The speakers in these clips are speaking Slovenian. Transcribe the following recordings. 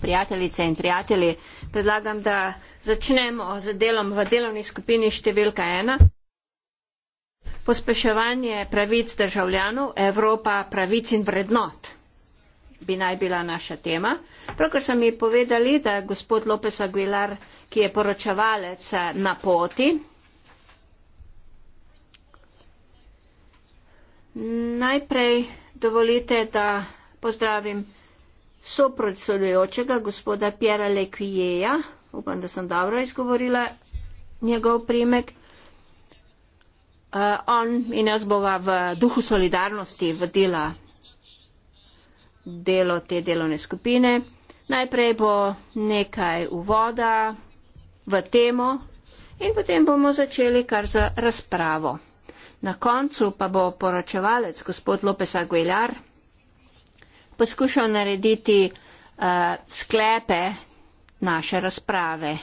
Prijateljice in prijatelji, predlagam, da začnemo z delom v delovni skupini številka ena. Pospeševanje pravic državljanov, Evropa pravic in vrednot bi naj bila naša tema. Pravkar so mi povedali, da gospod Lopes Aguilar, ki je poročevalec na poti, najprej dovolite, da pozdravim sopracujočega gospoda Pjera Lekvijeja, upam, da sem dobro izgovorila njegov primek. Uh, on in jaz bova v duhu solidarnosti vodila delo te delovne skupine. Najprej bo nekaj uvoda v temo in potem bomo začeli kar za razpravo. Na koncu pa bo poročevalec gospod Lopes Aguilar poskušal narediti uh, sklepe naše razprave.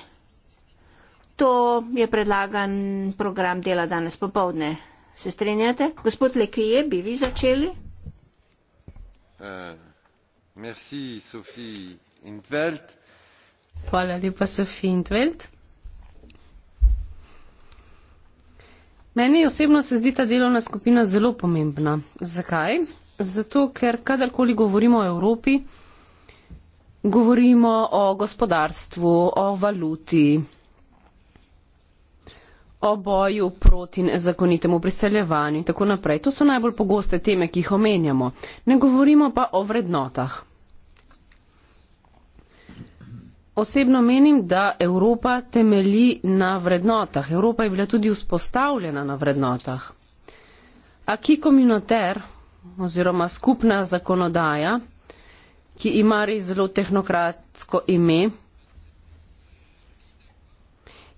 To je predlagan program dela danes popovdne. Se strinjate? Gospod Lekije, bi vi začeli? Uh, merci, Sophie Intveld. Hvala lepa, Sophie Intveld. Meni osebno se zdi ta delovna skupina zelo pomembna. Zakaj? zato ker kadarkoli govorimo o Evropi, govorimo o gospodarstvu, o valuti, o boju proti nezakonitemu priseljevanju in tako naprej. To so najbolj pogoste teme, ki jih omenjamo. Ne govorimo pa o vrednotah. Osebno menim, da Evropa temelji na vrednotah. Evropa je bila tudi vzpostavljena na vrednotah. Aki communautaire oziroma skupna zakonodaja, ki ima res zelo tehnokratsko ime,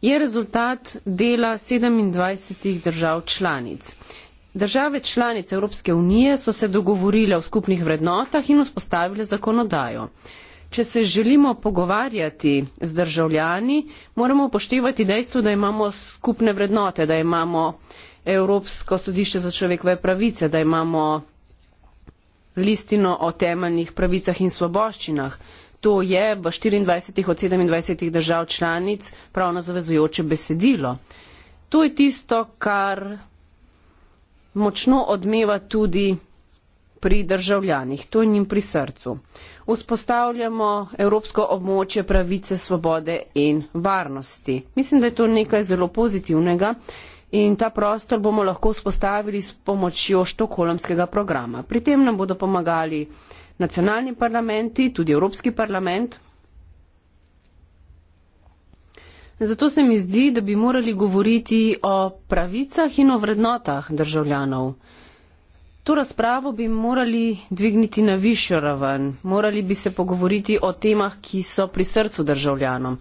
je rezultat dela 27 držav članic. Države članice Evropske unije so se dogovorile v skupnih vrednotah in vzpostavile zakonodajo. Če se želimo pogovarjati z državljani, moramo upoštevati dejstvo, da imamo skupne vrednote, da imamo Evropsko sodišče za človekove pravice, da imamo listino o temeljnih pravicah in svoboščinah. To je v 24 od 27 držav članic pravno zavezujoče besedilo. To je tisto, kar močno odmeva tudi pri državljanih, to je njim pri srcu. Vzpostavljamo Evropsko območje pravice, svobode in varnosti. Mislim, da je to nekaj zelo pozitivnega in ta prostor bomo lahko vzpostavili s pomočjo štokholmskega programa. Pri tem nam bodo pomagali nacionalni parlamenti, tudi Evropski parlament. Zato se mi zdi, da bi morali govoriti o pravicah in o vrednotah državljanov. To razpravo bi morali dvigniti na višjo raven, morali bi se pogovoriti o temah, ki so pri srcu državljanom,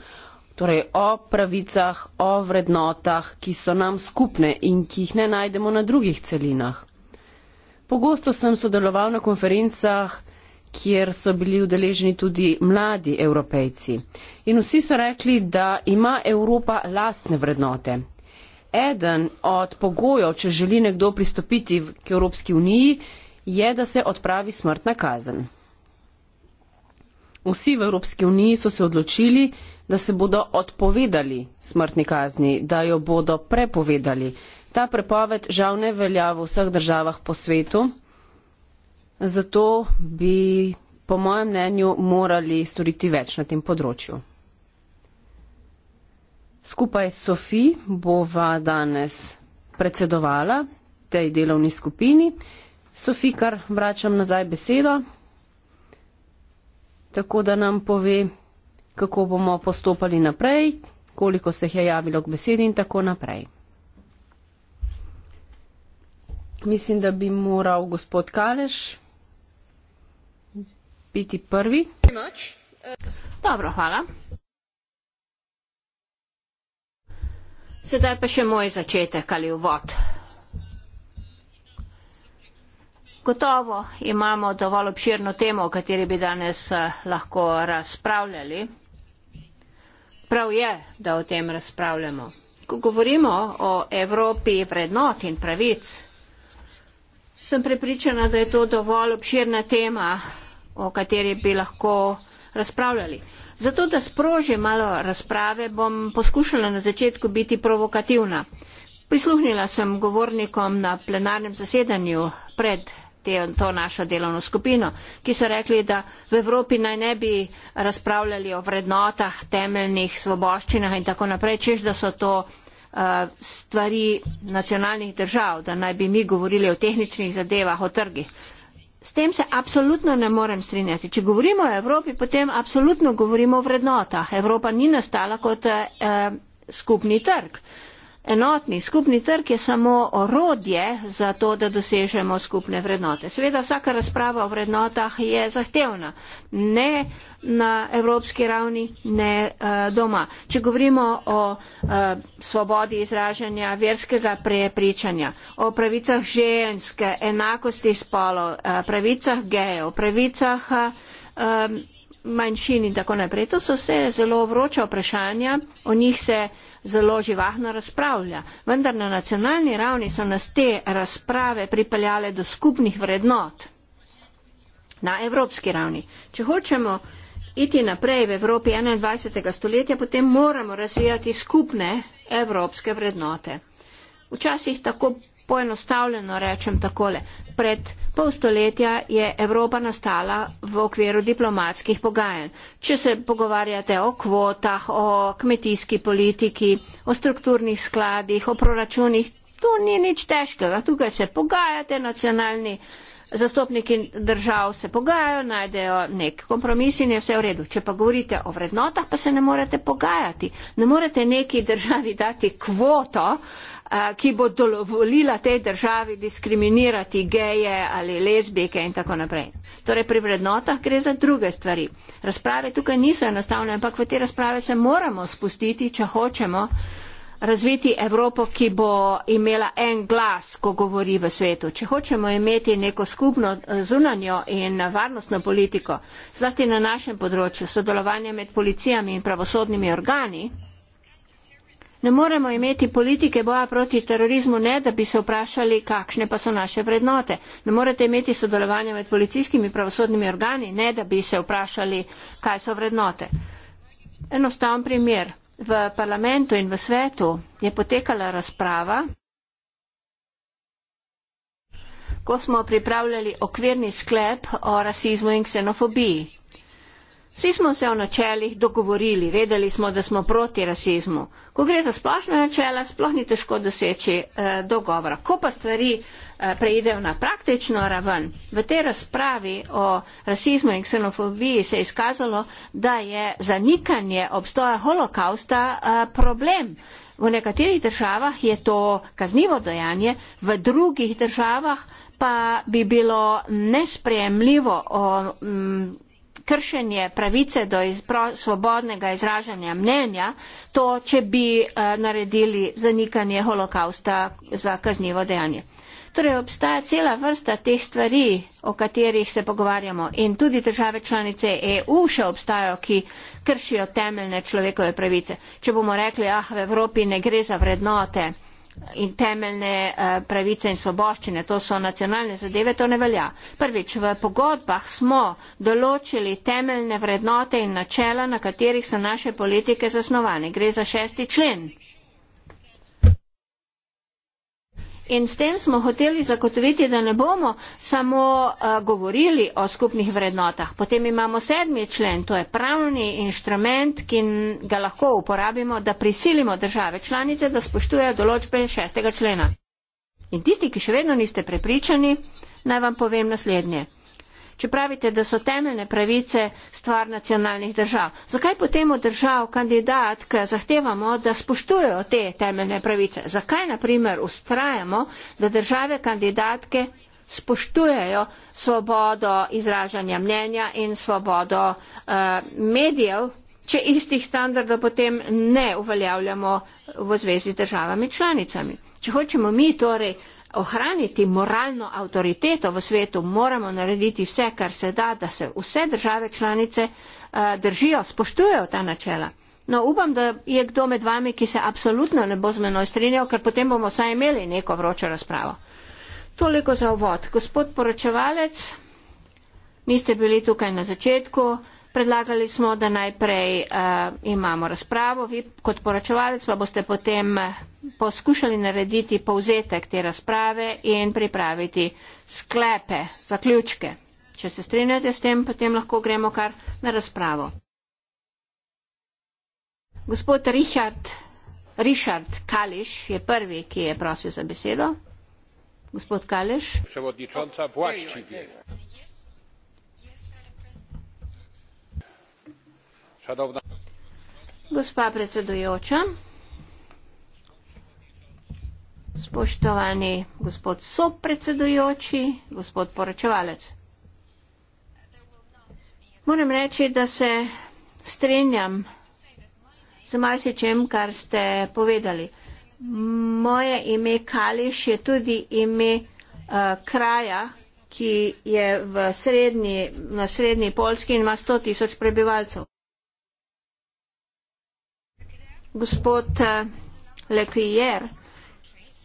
torej o pravicah, o vrednotah, ki so nam skupne in ki jih ne najdemo na drugih celinah. Pogosto sem sodeloval na konferencah, kjer so bili udeleženi tudi mladi evropejci. In vsi so rekli, da ima Evropa lastne vrednote. Eden od pogojev, če želi nekdo pristopiti k Evropski uniji, je, da se odpravi smrtna kazen. Vsi v Evropski uniji so se odločili, da se bodo odpovedali smrtni kazni, da jo bodo prepovedali. Ta prepoved žal ne velja v vseh državah po svetu, zato bi po mojem mnenju morali storiti več na tem področju. Skupaj s Sofi bova danes predsedovala tej delovni skupini. Sofi, kar vračam nazaj besedo, tako da nam pove, kako bomo postopali naprej, koliko se je javilo k besedi in tako naprej. Mislim, da bi moral gospod Kaleš biti prvi. Dobro, hvala. Sedaj pa še moj začetek ali uvod. Gotovo imamo dovolj obširno temo, o kateri bi danes eh, lahko razpravljali prav je da o tem razpravljamo ko govorimo o evropi vrednot in pravic sem prepričana da je to dovolj obširna tema o kateri bi lahko razpravljali zato da sproži malo razprave bom poskušala na začetku biti provokativna prisluhnila sem govornikom na plenarnem zasedanju pred te, to našo delovno skupino, ki so rekli, da v Evropi naj ne bi razpravljali o vrednotah, temeljnih svoboščinah in tako naprej, čež da so to uh, stvari nacionalnih držav, da naj bi mi govorili o tehničnih zadevah, o trgih. S tem se absolutno ne morem strinjati. Če govorimo o Evropi, potem absolutno govorimo o vrednotah. Evropa ni nastala kot uh, skupni trg. Uh, enotni skupni trg je samo orodje za to, da dosežemo skupne vrednote. Sveda vsaka razprava o vrednotah je zahtevna, ne na evropski ravni, ne uh, doma. Če govorimo o uh, svobodi izražanja verskega prepričanja, o pravicah ženske, enakosti spolov, uh, pravicah gejev, pravicah. Uh, manjšini in tako naprej. To so vse zelo vroča vprašanja, o njih se zelo živahno razpravlja. Vendar na nacionalni ravni so nas te razprave pripeljale do skupnih vrednot na evropski ravni. Če hočemo iti naprej v Evropi 21. stoletja, potem moramo razvijati skupne evropske vrednote. Včasih tako poenostavljeno rečem takole. Pred pol stoletja je Evropa nastala v okviru diplomatskih pogajanj. Če se pogovarjate o kvotah, o kmetijski politiki, o strukturnih skladih, o proračunih, tu ni nič težkega. Tukaj se pogajate, nacionalni zastopniki držav se pogajajo, najdejo nek kompromis in je vse v redu. Če pa govorite o vrednotah, pa se ne morete pogajati. Ne morete neki državi dati kvoto, uh, ki bo dovolila tej državi diskriminirati geje ali lesbijke in tako naprej. Torej pri vrednotah gre za druge stvari. Razprave tukaj niso enostavne, ampak v te razprave se moramo spustiti, če hočemo razviti Evropo, ki bo imela en glas, ko govori v svetu. Če hočemo imeti neko skupno eh, zunanjo in varnostno politiko, zlasti na našem področju, sodelovanje med policijami in pravosodnimi organi, Ne moremo imeti politike boja proti terorizmu, ne da bi se vprašali, kakšne pa so naše vrednote. Ne morete imeti sodelovanja med policijskimi in pravosodnimi organi, ne da bi se vprašali, kaj so vrednote. Enostaven primer. V parlamentu in v svetu je potekala razprava, ko smo pripravljali okvirni sklep o rasizmu in ksenofobiji. Vsi smo se o načelih dogovorili, vedeli smo, da smo proti rasizmu. Ko gre za splošne načela, sploh ni težko doseči eh, dogovora. Ko pa stvari eh, preidejo na praktično raven, v tej razpravi o rasizmu in ksenofobiji se je izkazalo, da je zanikanje obstoja holokausta eh, problem. V nekaterih državah je to kaznivo dojanje, v drugih državah pa bi bilo nesprejemljivo. O, mm, kršenje pravice do izpro, svobodnega izražanja mnenja, to, če bi eh, naredili zanikanje holokausta za kaznivo dejanje. Torej obstaja cela vrsta teh stvari, o katerih se pogovarjamo in tudi države članice EU še obstajajo, ki kršijo temeljne človekove pravice. Če bomo rekli, ah, v Evropi ne gre za vrednote, in temeljne eh, pravice in svoboščine, to so nacionalne zadeve, to ne velja. Prvič, v pogodbah smo določili temeljne vrednote in načela, na katerih so naše politike zasnovane. Gre za šesti člen. In s tem smo hoteli zagotoviti, da ne bomo samo uh, govorili o skupnih vrednotah. Potem imamo sedmi člen, to je pravni inštrument, ki ga lahko uporabimo, da prisilimo države članice, da spoštujejo določbe šestega člena. In tisti, ki še vedno niste prepričani, naj vam povem naslednje če pravite, da so temeljne pravice stvar nacionalnih držav. Zakaj potem od držav kandidatka zahtevamo, da spoštujejo te temeljne pravice? Zakaj, na primer, ustrajamo, da države kandidatke spoštujejo svobodo izražanja mnenja in svobodo uh, medijev, če istih standardov potem ne uveljavljamo v zvezi z državami članicami? Če hočemo mi torej ohraniti moralno avtoriteto v svetu, moramo narediti vse, kar se da, da se vse države članice eh, držijo, spoštujejo ta načela. No, upam, da je kdo med vami, ki se absolutno ne bo z menoj strinjal, ker potem bomo saj imeli neko vročo razpravo. Toliko za uvod. Gospod poročevalec, niste bili tukaj na začetku predlagali smo, da najprej uh, imamo razpravo, vi kot poročevalec pa boste potem eh, poskušali narediti povzetek te razprave in pripraviti sklepe, zaključke. Če se strinjate s tem, potem lahko gremo kar na razpravo. Gospod Richard, Richard Kališ je prvi, ki je prosil za besedo. Gospod Kališ. Gospa predsedujoča, spoštovani gospod sopredsedujoči, gospod poročevalec. Moram reči, da se strenjam z marsičem, kar ste povedali. Moje ime Kališ je tudi ime uh, kraja, ki je v srednji, na srednji Polski in ima 100 tisoč prebivalcev. Gospod eh, Lequier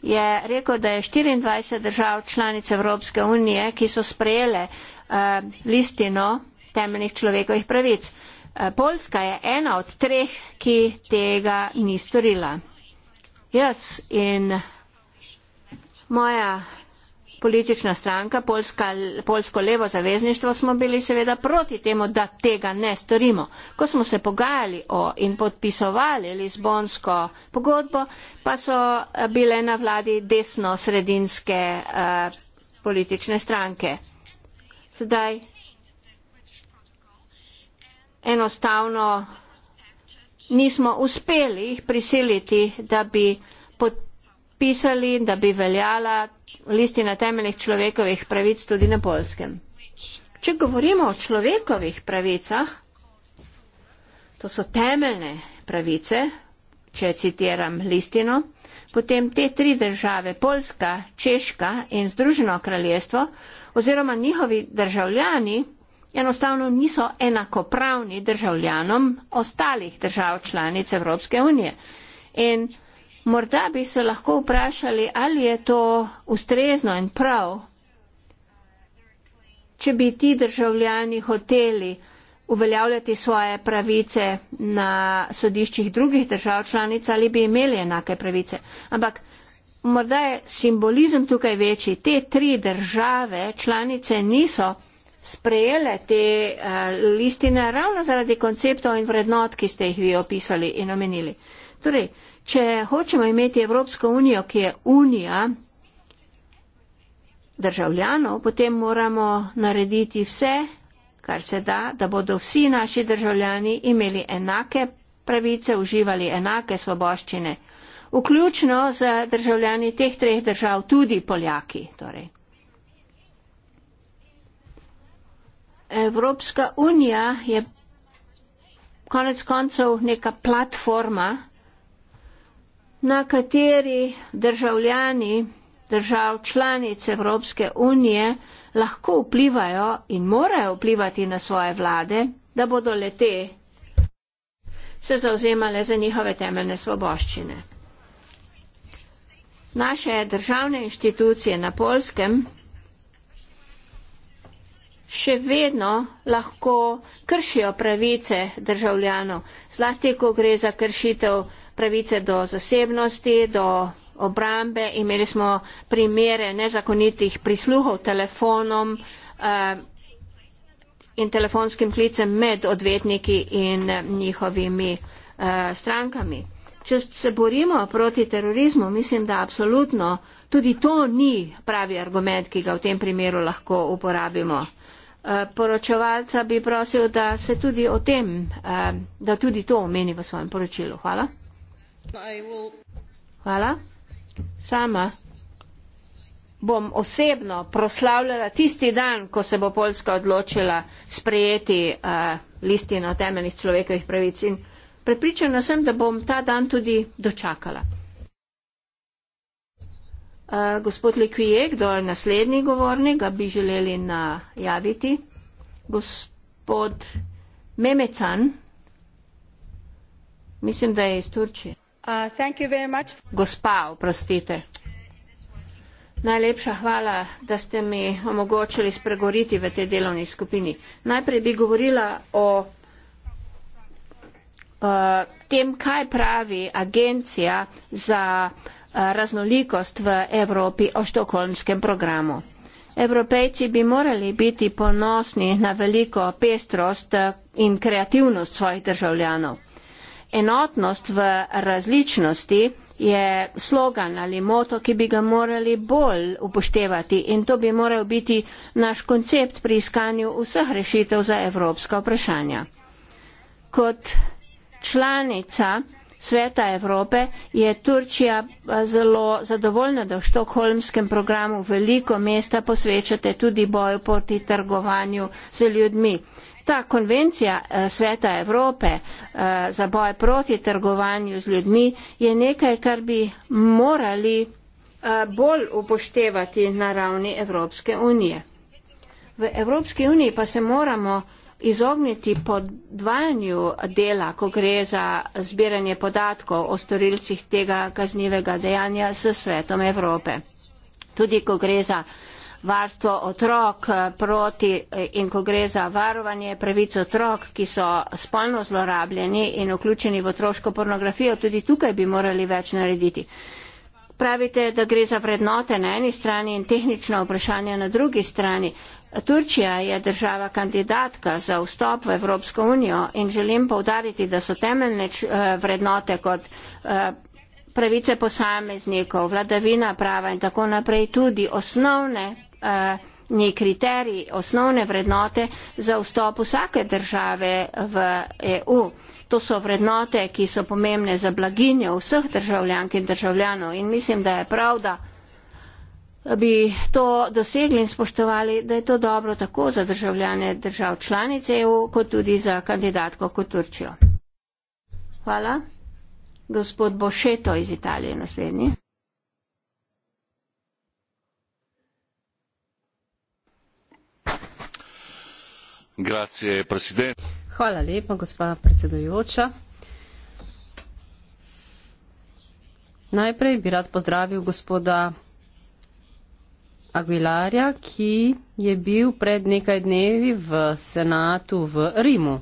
je rekel, da je 24 držav članic Evropske unije, ki so sprejele uh, listino temeljnih človekovih pravic. Eh, Poljska je ena od treh, ki tega ni storila. Jaz in moja politična stranka, Polska, Polsko levo zavezništvo, smo bili seveda proti temu, da tega ne storimo. Ko smo se pogajali o in podpisovali Lizbonsko pogodbo, pa so eh, bile na vladi desno-sredinske eh, politične stranke. Sedaj enostavno nismo uspeli jih prisiliti, da bi podpisali podpisali, da bi veljala listina temeljnih človekovih pravic tudi na polskem. Če govorimo o človekovih pravicah, to so temeljne pravice, če citiram listino, potem te tri države, Polska, Češka in Združeno kraljestvo, oziroma njihovi državljani, enostavno niso enakopravni državljanom ostalih držav članic Evropske unije. In Morda bi se lahko vprašali, ali je to ustrezno in prav, če bi ti državljani hoteli uveljavljati svoje pravice na sodiščih drugih držav članic ali bi imeli enake pravice. Ampak morda je simbolizem tukaj večji. Te tri države članice niso sprejele te uh, listine ravno zaradi konceptov in vrednot, ki ste jih vi opisali in omenili. Torej, Če hočemo imeti Evropsko unijo, ki je unija državljanov, potem moramo narediti vse, kar se da, da bodo vsi naši državljani imeli enake pravice, uživali enake svoboščine, vključno z državljani teh treh držav, tudi Poljaki. Torej. Evropska unija je konec koncev neka platforma, na kateri državljani držav članic Evropske unije lahko vplivajo in morajo vplivati na svoje vlade, da bodo lete se zauzemale za njihove temeljne svoboščine. Naše državne inštitucije na polskem še vedno lahko kršijo pravice državljanov, zlasti, ko gre za kršitev pravice do zasebnosti, do obrambe, imeli smo primere nezakonitih prisluhov telefonom eh, in telefonskim klicem med odvetniki in eh, njihovimi eh, strankami. Če se borimo proti terorizmu, mislim, da absolutno tudi to ni pravi argument, ki ga v tem primeru lahko uporabimo. Poročevalca bi prosil, da se tudi o tem, da tudi to omeni v svojem poročilu. Hvala. Hvala. Sama bom osebno proslavljala tisti dan, ko se bo Poljska odločila sprejeti uh, listino temeljnih človekovih pravic in prepričana sem, da bom ta dan tudi dočakala. Uh, gospod Likvije, kdo je naslednji govornik, ga bi želeli najaviti. Gospod Memecan, mislim, da je iz Turčije. Uh, gospa oprostite najlepša hvala da ste mi omogočili spregovoriti v tej delovni skupini najprej bi govorila o uh, tem, kaj pravi agencija za uh, raznolikost v Evropi o štokholmskem programu. Evropejci bi morali biti ponosni na veliko pestrost in kreativnost svojih državljanov enotnost v različnosti je slogan ali moto, ki bi ga morali bolj upoštevati in to bi moral biti naš koncept pri iskanju vseh rešitev za evropska vprašanja. Kot članica Sveta Evrope je Turčija zelo zadovoljna, da v štokholmskem programu veliko mesta posvečate tudi boju proti trgovanju z ljudmi ta konvencija eh, Sveta Evrope eh, za boj proti trgovanju z ljudmi je nekaj, kar bi morali eh, bolj upoštevati na ravni Evropske unije. V Evropski uniji pa se moramo izogniti podvajanju dela, ko gre za zbiranje podatkov o storilcih tega kaznivega dejanja s svetom Evrope. Tudi ko gre za varstvo otrok eh, proti eh, in ko gre za varovanje pravic otrok, ki so spolno zlorabljeni in vključeni v otroško pornografijo, tudi tukaj bi morali več narediti. Pravite, da gre za vrednote na eni strani in tehnično vprašanje na drugi strani. Turčija je država kandidatka za vstop v Evropsko unijo in želim povdariti, da so temeljne eh, vrednote kot pravice posameznikov, vladavina prava in tako naprej tudi osnovne Eh, ni kriterij, osnovne vrednote za vstop vsake države v EU. To so vrednote, ki so pomembne za blaginjo vseh državljank in državljanov in mislim, da je prav, da bi to dosegli in spoštovali, da je to dobro tako za državljane držav članic EU, kot tudi za kandidatko kot Turčijo. Hvala. Gospod Bošeto iz Italije naslednji. hvala lepa gospa predsedujoča najprej bi rad pozdravil gospoda aguilarja ki je bil pred nekaj dnevi v senatu v rimu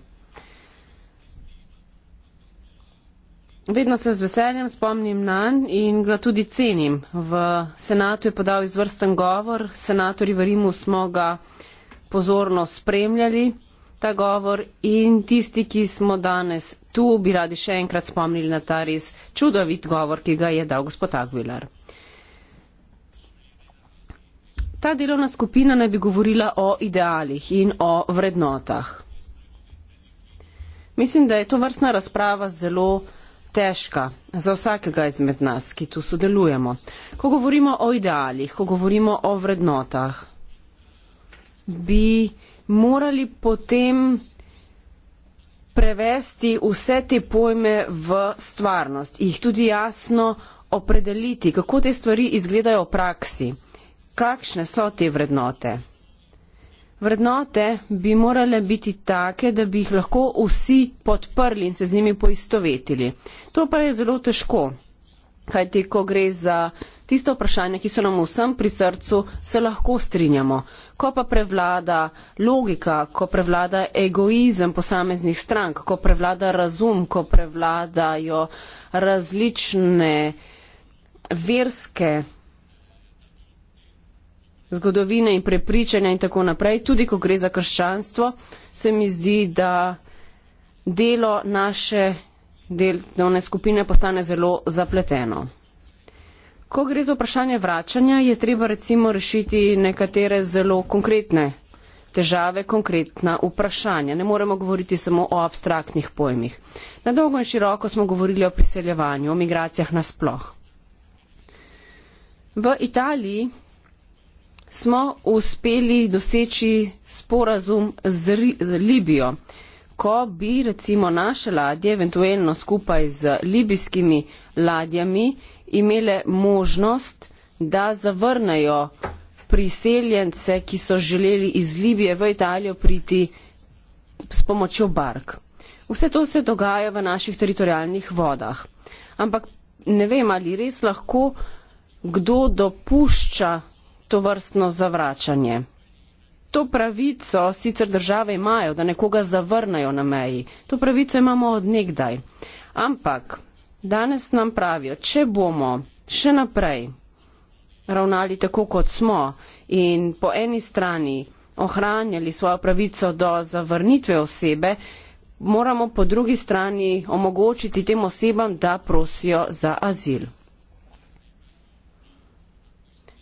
vedno se z veseljem spomnim nanj in ga tudi cenim v senatu je podal izvrsten govor senatorji v rimu smo ga pozorno spremljali ta govor in tisti, ki smo danes tu, bi radi še enkrat spomnili na ta res čudovit govor, ki ga je dal gospod Aguilar. Ta delovna skupina naj bi govorila o idealih in o vrednotah. Mislim, da je to vrstna razprava zelo težka za vsakega izmed nas, ki tu sodelujemo. Ko govorimo o idealih, ko govorimo o vrednotah, bi morali potem prevesti vse te pojme v stvarnost, jih tudi jasno opredeliti, kako te stvari izgledajo v praksi, kakšne so te vrednote. Vrednote bi morale biti take, da bi jih lahko vsi podprli in se z njimi poistovetili. To pa je zelo težko kajti ko gre za tiste vprašanja, ki so nam vsem pri srcu, se lahko strinjamo. Ko pa prevlada logika, ko prevlada egoizem posameznih strank, ko prevlada razum, ko prevladajo različne verske zgodovine in prepričanja in tako naprej, tudi ko gre za krščanstvo, se mi zdi, da delo naše delovne skupine postane zelo zapleteno. Ko gre za vprašanje vračanja, je treba recimo rešiti nekatere zelo konkretne težave, konkretna vprašanja. Ne moremo govoriti samo o abstraktnih pojmih. Na dolgo in široko smo govorili o priseljevanju, o migracijah nasploh. V Italiji smo uspeli doseči sporazum z, Ri z Libijo ko bi recimo naše ladje, eventualno skupaj z libijskimi ladjami, imele možnost, da zavrnejo priseljence, ki so želeli iz Libije v Italijo priti s pomočjo bark. Vse to se dogaja v naših teritorijalnih vodah. Ampak ne vem, ali res lahko kdo dopušča to vrstno zavračanje. To pravico sicer države imajo, da nekoga zavrnejo na meji. To pravico imamo od nekdaj. Ampak danes nam pravijo, če bomo še naprej ravnali tako, kot smo in po eni strani ohranjali svojo pravico do zavrnitve osebe, moramo po drugi strani omogočiti tem osebam, da prosijo za azil.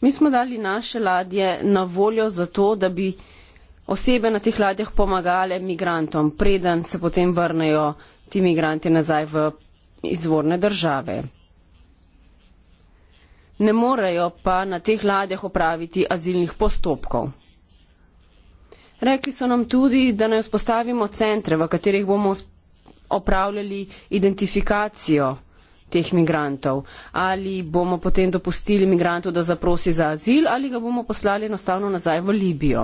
Mi smo dali naše ladje na voljo zato, da bi osebe na teh ladjah pomagale migrantom, preden se potem vrnejo ti migranti nazaj v izvorne države. Ne morejo pa na teh ladjah opraviti azilnih postopkov. Rekli so nam tudi, da naj vzpostavimo centre, v katerih bomo opravljali identifikacijo teh migrantov. Ali bomo potem dopustili migrantu, da zaprosi za azil ali ga bomo poslali enostavno nazaj v Libijo.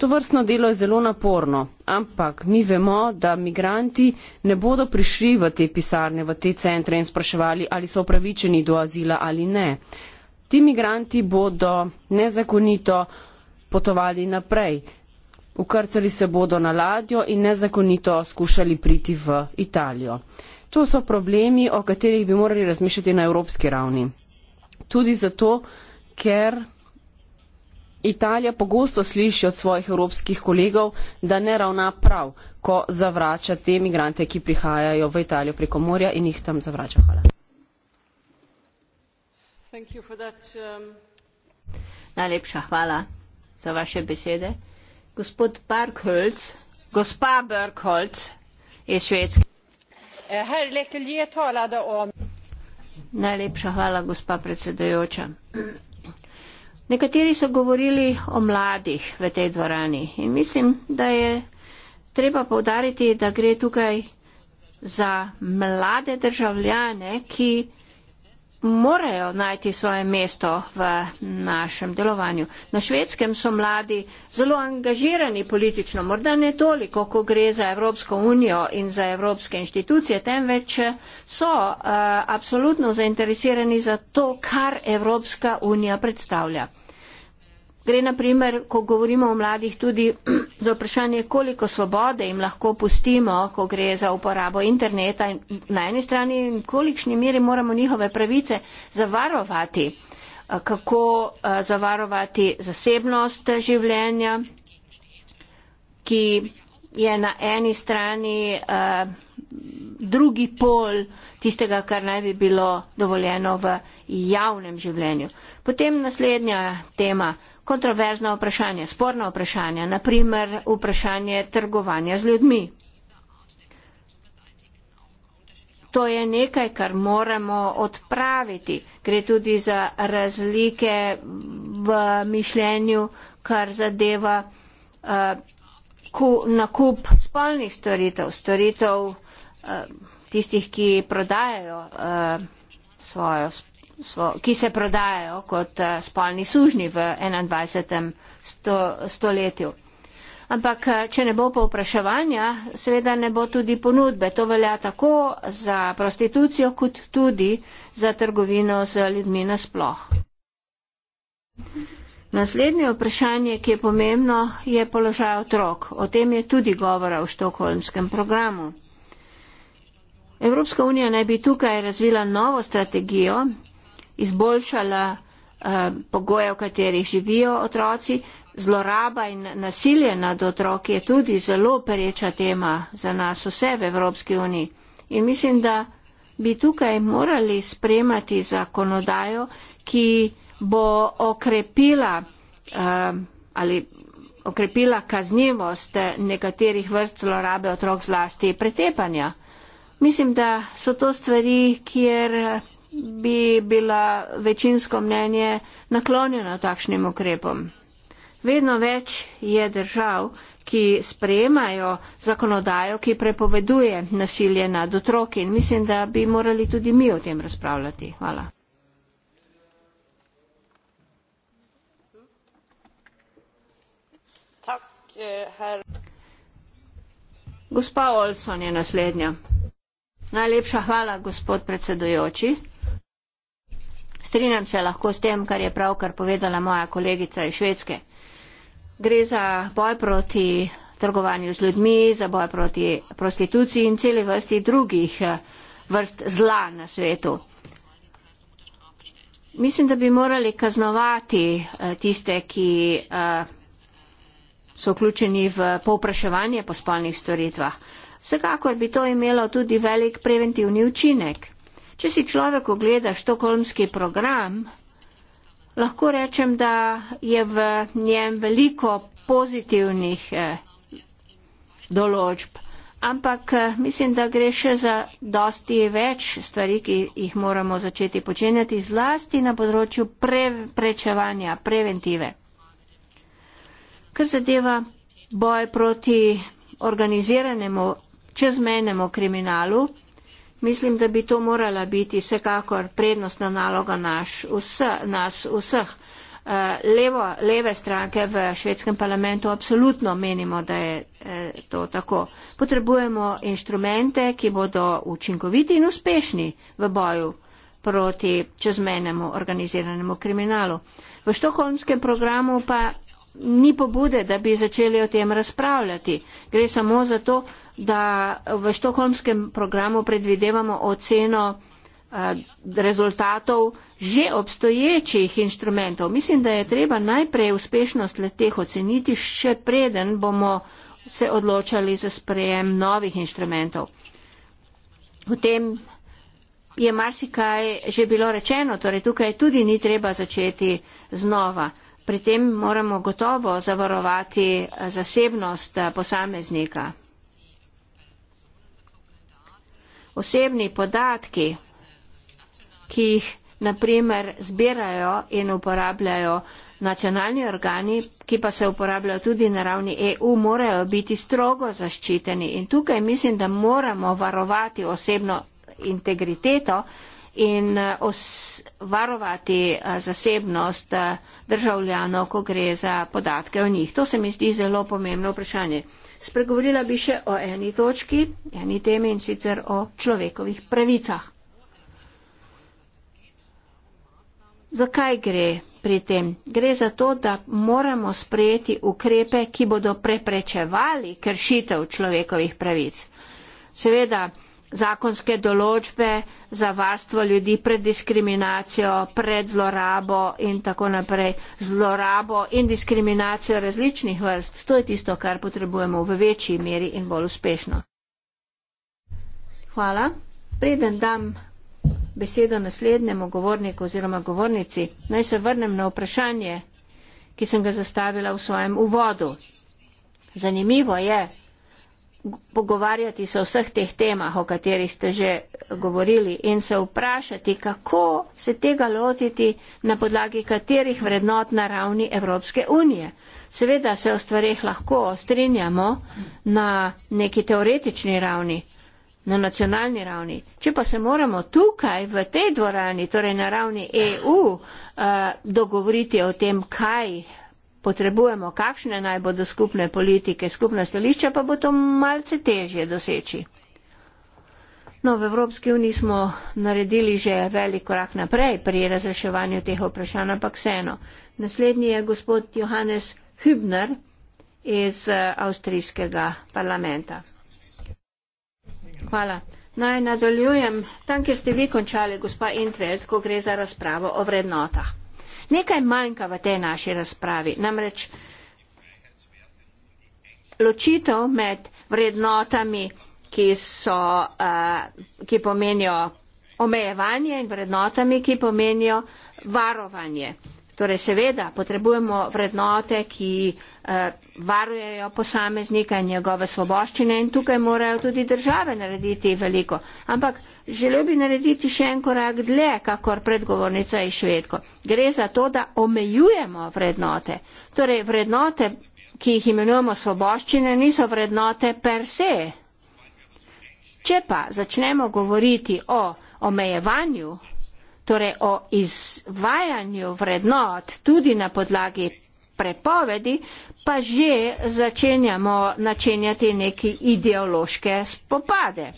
To vrstno delo je zelo naporno, ampak mi vemo, da migranti ne bodo prišli v te pisarne, v te centre in spraševali, ali so upravičeni do azila ali ne. Ti migranti bodo nezakonito potovali naprej. Ukrcali se bodo na ladjo in nezakonito skušali priti v Italijo. To so problemi, o katerih bi morali razmišljati na evropski ravni. Tudi zato, ker Italija pogosto sliši od svojih evropskih kolegov, da ne ravna prav, ko zavrača te migrante, ki prihajajo v Italijo preko morja in jih tam zavrača. Hvala. That, um... Najlepša hvala za vaše besede. Gospod Barkholz, gospa Barkholz iz Švedske. Eh, Najlepša hvala, gospa predsedajoča. Nekateri so govorili o mladih v tej dvorani in mislim, da je treba povdariti, da gre tukaj za mlade državljane, ki morajo najti svoje mesto v našem delovanju. Na švedskem so mladi zelo angažirani politično, morda ne toliko, ko gre za Evropsko unijo in za evropske inštitucije, temveč so uh, absolutno zainteresirani za to, kar Evropska unija predstavlja. Gre naprimer, ko govorimo o mladih, tudi za vprašanje, koliko svobode jim lahko pustimo, ko gre za uporabo interneta na eni strani in kolikšni miri moramo njihove pravice zavarovati, kako zavarovati zasebnost življenja, ki je na eni strani drugi pol tistega, kar naj bi bilo dovoljeno v javnem življenju. Potem naslednja tema kontroverzna vprašanja, sporna vprašanja, naprimer vprašanje trgovanja z ljudmi. To je nekaj, kar moramo odpraviti. Gre tudi za razlike v mišljenju, kar zadeva uh, ku, nakup spolnih storitev, storitev uh, tistih, ki prodajajo uh, svojo spolnost ki se prodajajo kot eh, spolni sužni v 21. Sto, stoletju. Ampak, eh, če ne bo povpraševanja, seveda ne bo tudi ponudbe. To velja tako za prostitucijo, kot tudi za trgovino z ljudmi nasploh. Naslednje vprašanje, ki je pomembno, je položaj otrok. O tem je tudi govora v štokholmskem programu. Evropska unija naj bi tukaj razvila novo strategijo, izboljšala eh, pogoje, v katerih živijo otroci. Zloraba in nasilje nad otroki je tudi zelo pereča tema za nas vse v Evropski uniji. In mislim, da bi tukaj morali spremati zakonodajo, ki bo okrepila uh, ali okrepila kaznivost nekaterih vrst zlorabe otrok zlasti pretepanja. Mislim, da so to stvari, kjer. Uh, bi bila večinsko mnenje naklonjeno takšnim ukrepom. Vedno več je držav, ki sprejemajo zakonodajo, ki prepoveduje nasilje nad otroki in mislim, da bi morali tudi mi o tem razpravljati. Hvala. Gospa Olson je naslednja. Najlepša hvala, gospod predsedujoči. Strinjam se lahko s tem, kar je pravkar povedala moja kolegica iz Švedske. Gre za boj proti trgovanju z ljudmi, za boj proti prostituciji in celi vrsti drugih eh, vrst zla na svetu. Mislim, da bi morali kaznovati eh, tiste, ki eh, so vključeni v povpraševanje po spolnih storitvah. Vsekakor bi to imelo tudi velik preventivni učinek. Če si človek ogleda štokholmski program, lahko rečem, da je v njem veliko pozitivnih eh, določb, ampak eh, mislim, da gre še za dosti več stvari, ki jih moramo začeti počenjati zlasti na področju pre prečevanja, preventive. Kar zadeva boj proti organiziranemu čezmenemu kriminalu, Mislim, da bi to morala biti vsekakor prednostna naloga naš, vse, nas vseh. Eh, levo, leve stranke v švedskem parlamentu absolutno menimo, da je eh, to tako. Potrebujemo inštrumente, ki bodo učinkoviti in uspešni v boju proti čezmenemu organiziranemu kriminalu. V štokholmskem programu pa ni pobude, da bi začeli o tem razpravljati. Gre samo za to, da v štokholmskem programu predvidevamo oceno eh, rezultatov že obstoječih inštrumentov. Mislim, da je treba najprej uspešnost leteh oceniti, še preden bomo se odločali za sprejem novih inštrumentov. V tem je marsikaj že bilo rečeno, torej tukaj tudi ni treba začeti znova. Pri tem moramo gotovo zavarovati eh, zasebnost eh, posameznika. osebni podatki, ki jih naprimer zbirajo in uporabljajo nacionalni organi, ki pa se uporabljajo tudi na ravni EU, morajo biti strogo zaščiteni. In tukaj mislim, da moramo varovati osebno integriteto in eh, varovati eh, zasebnost eh, državljanov, ko gre za podatke o njih. To se mi zdi zelo pomembno vprašanje spregovorila bi še o eni točki, eni temi in sicer o človekovih pravicah. Zakaj gre pri tem? Gre za to, da moramo sprejeti ukrepe, ki bodo preprečevali kršitev človekovih pravic. Seveda, zakonske določbe za varstvo ljudi pred diskriminacijo, pred zlorabo in tako naprej. Zlorabo in diskriminacijo različnih vrst, to je tisto, kar potrebujemo v večji meri in bolj uspešno. Hvala. Preden dam besedo naslednjemu govorniku oziroma govornici, naj se vrnem na vprašanje, ki sem ga zastavila v svojem uvodu. Zanimivo je, pogovarjati se o vseh teh temah, o katerih ste že govorili in se vprašati, kako se tega lotiti na podlagi katerih vrednot na ravni Evropske unije. Seveda se o stvarih lahko strinjamo na neki teoretični ravni, na nacionalni ravni. Če pa se moramo tukaj v tej dvorani, torej na ravni EU, eh, dogovoriti o tem, kaj potrebujemo, kakšne naj bodo skupne politike, skupna stališča, pa bo to malce težje doseči. No, v Evropski uniji smo naredili že velik korak naprej pri razreševanju teh vprašanj, ampak vseeno. Naslednji je gospod Johannes Hübner iz eh, avstrijskega parlamenta. Hvala. Naj nadaljujem. Tam, kjer ste vi končali, gospa Intveld, ko gre za razpravo o vrednotah. Nekaj manjka v tej naši razpravi, namreč ločitev med vrednotami, ki, so, uh, ki pomenijo omejevanje in vrednotami, ki pomenijo varovanje. Torej, seveda, potrebujemo vrednote, ki uh, varujejo posameznika in njegove svoboščine in tukaj morajo tudi države narediti veliko. Ampak želel bi narediti še en korak dlje, kakor predgovornica iz Švedko. Gre za to, da omejujemo vrednote. Torej, vrednote, ki jih imenujemo svoboščine, niso vrednote per se. Če pa začnemo govoriti o omejevanju, torej o izvajanju vrednot tudi na podlagi prepovedi, pa že začenjamo načenjati neke ideološke spopade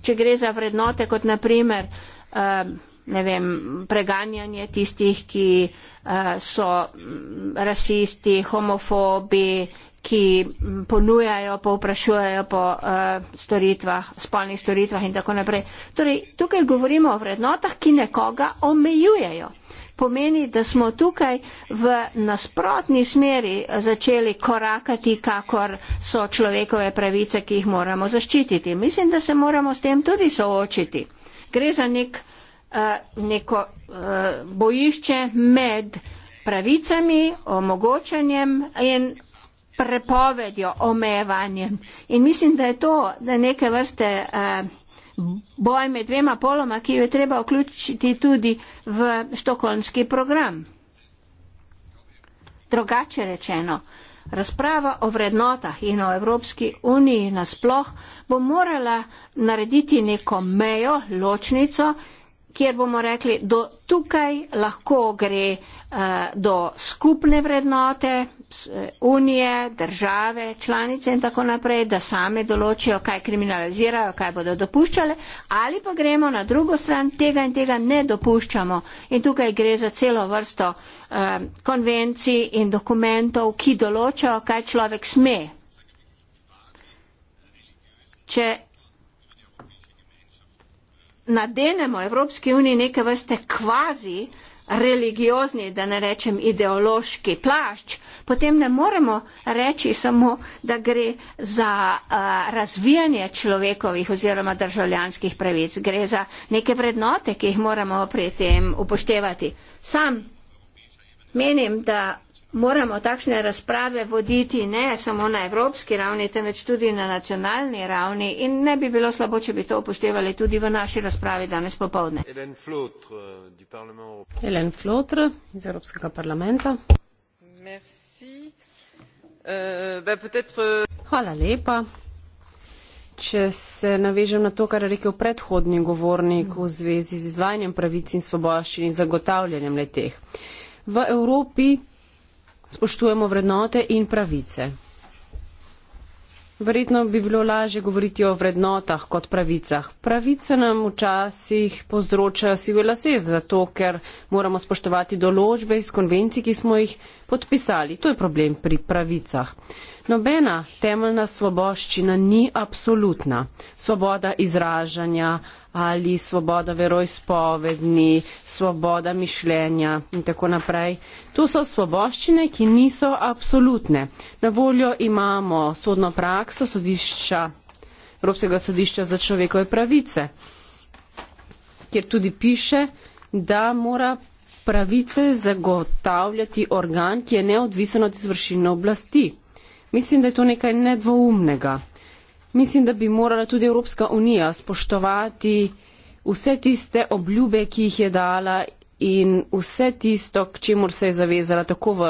če gre za vrednote, kot naprimer, eh, ne vem, preganjanje tistih, ki eh, so mm, rasisti, homofobi, ki mm, ponujajo, povprašujejo po eh, storitvah, spolnih storitvah in tako naprej. Torej, tukaj govorimo o vrednotah, ki nekoga omejujejo pomeni, da smo tukaj v nasprotni smeri začeli korakati, kakor so človekove pravice, ki jih moramo zaščititi. Mislim, da se moramo s tem tudi soočiti. Gre za nek, eh, neko eh, bojišče med pravicami, omogočanjem in prepovedjo, omejevanjem. In mislim, da je to da neke vrste. Eh, boj med dvema poloma, ki jo je treba vključiti tudi v štokolmski program. Drugače rečeno, razprava o vrednotah in o Evropski uniji nasploh bo morala narediti neko mejo, ločnico kjer bomo rekli, da tukaj lahko gre uh, do skupne vrednote uh, unije, države, članice in tako naprej, da same določijo, kaj kriminalizirajo, kaj bodo dopuščale, ali pa gremo na drugo stran, tega in tega ne dopuščamo. In tukaj gre za celo vrsto uh, konvencij in dokumentov, ki določajo, kaj človek sme. Če nadenemo Evropski uniji neke vrste kvazi religiozni, da ne rečem ideološki plašč, potem ne moremo reči samo, da gre za uh, razvijanje človekovih oziroma državljanskih pravic, gre za neke vrednote, ki jih moramo pri tem upoštevati. Sam menim, da moramo takšne razprave voditi ne samo na evropski ravni, temveč tudi na nacionalni ravni in ne bi bilo slabo, če bi to upoštevali tudi v naši razpravi danes popovdne. Helen euh, Flotr iz Evropskega parlamenta. Euh, euh, Hvala lepa. Če se navežem na to, kar je rekel predhodni govornik v zvezi z izvajanjem pravic in svoboščin in zagotavljanjem le teh. V Evropi spoštujemo vrednote in pravice. Verjetno bi bilo lažje govoriti o vrednotah kot pravicah. Pravice nam včasih povzročajo sive lase, zato ker moramo spoštovati določbe iz konvencij, ki smo jih podpisali. To je problem pri pravicah. Nobena temeljna svoboščina ni absolutna. Svoboda izražanja ali svoboda veroizpovedni, svoboda mišljenja in tako naprej. To so svoboščine, ki niso absolutne. Na voljo imamo sodno prakso sodišča, Evropskega sodišča za človekove pravice, kjer tudi piše, da mora pravice zagotavljati organ, ki je neodvisen od izvršilne oblasti. Mislim, da je to nekaj nedvoumnega. Mislim, da bi morala tudi Evropska unija spoštovati vse tiste obljube, ki jih je dala in vse tisto, k čemur se je zavezala tako v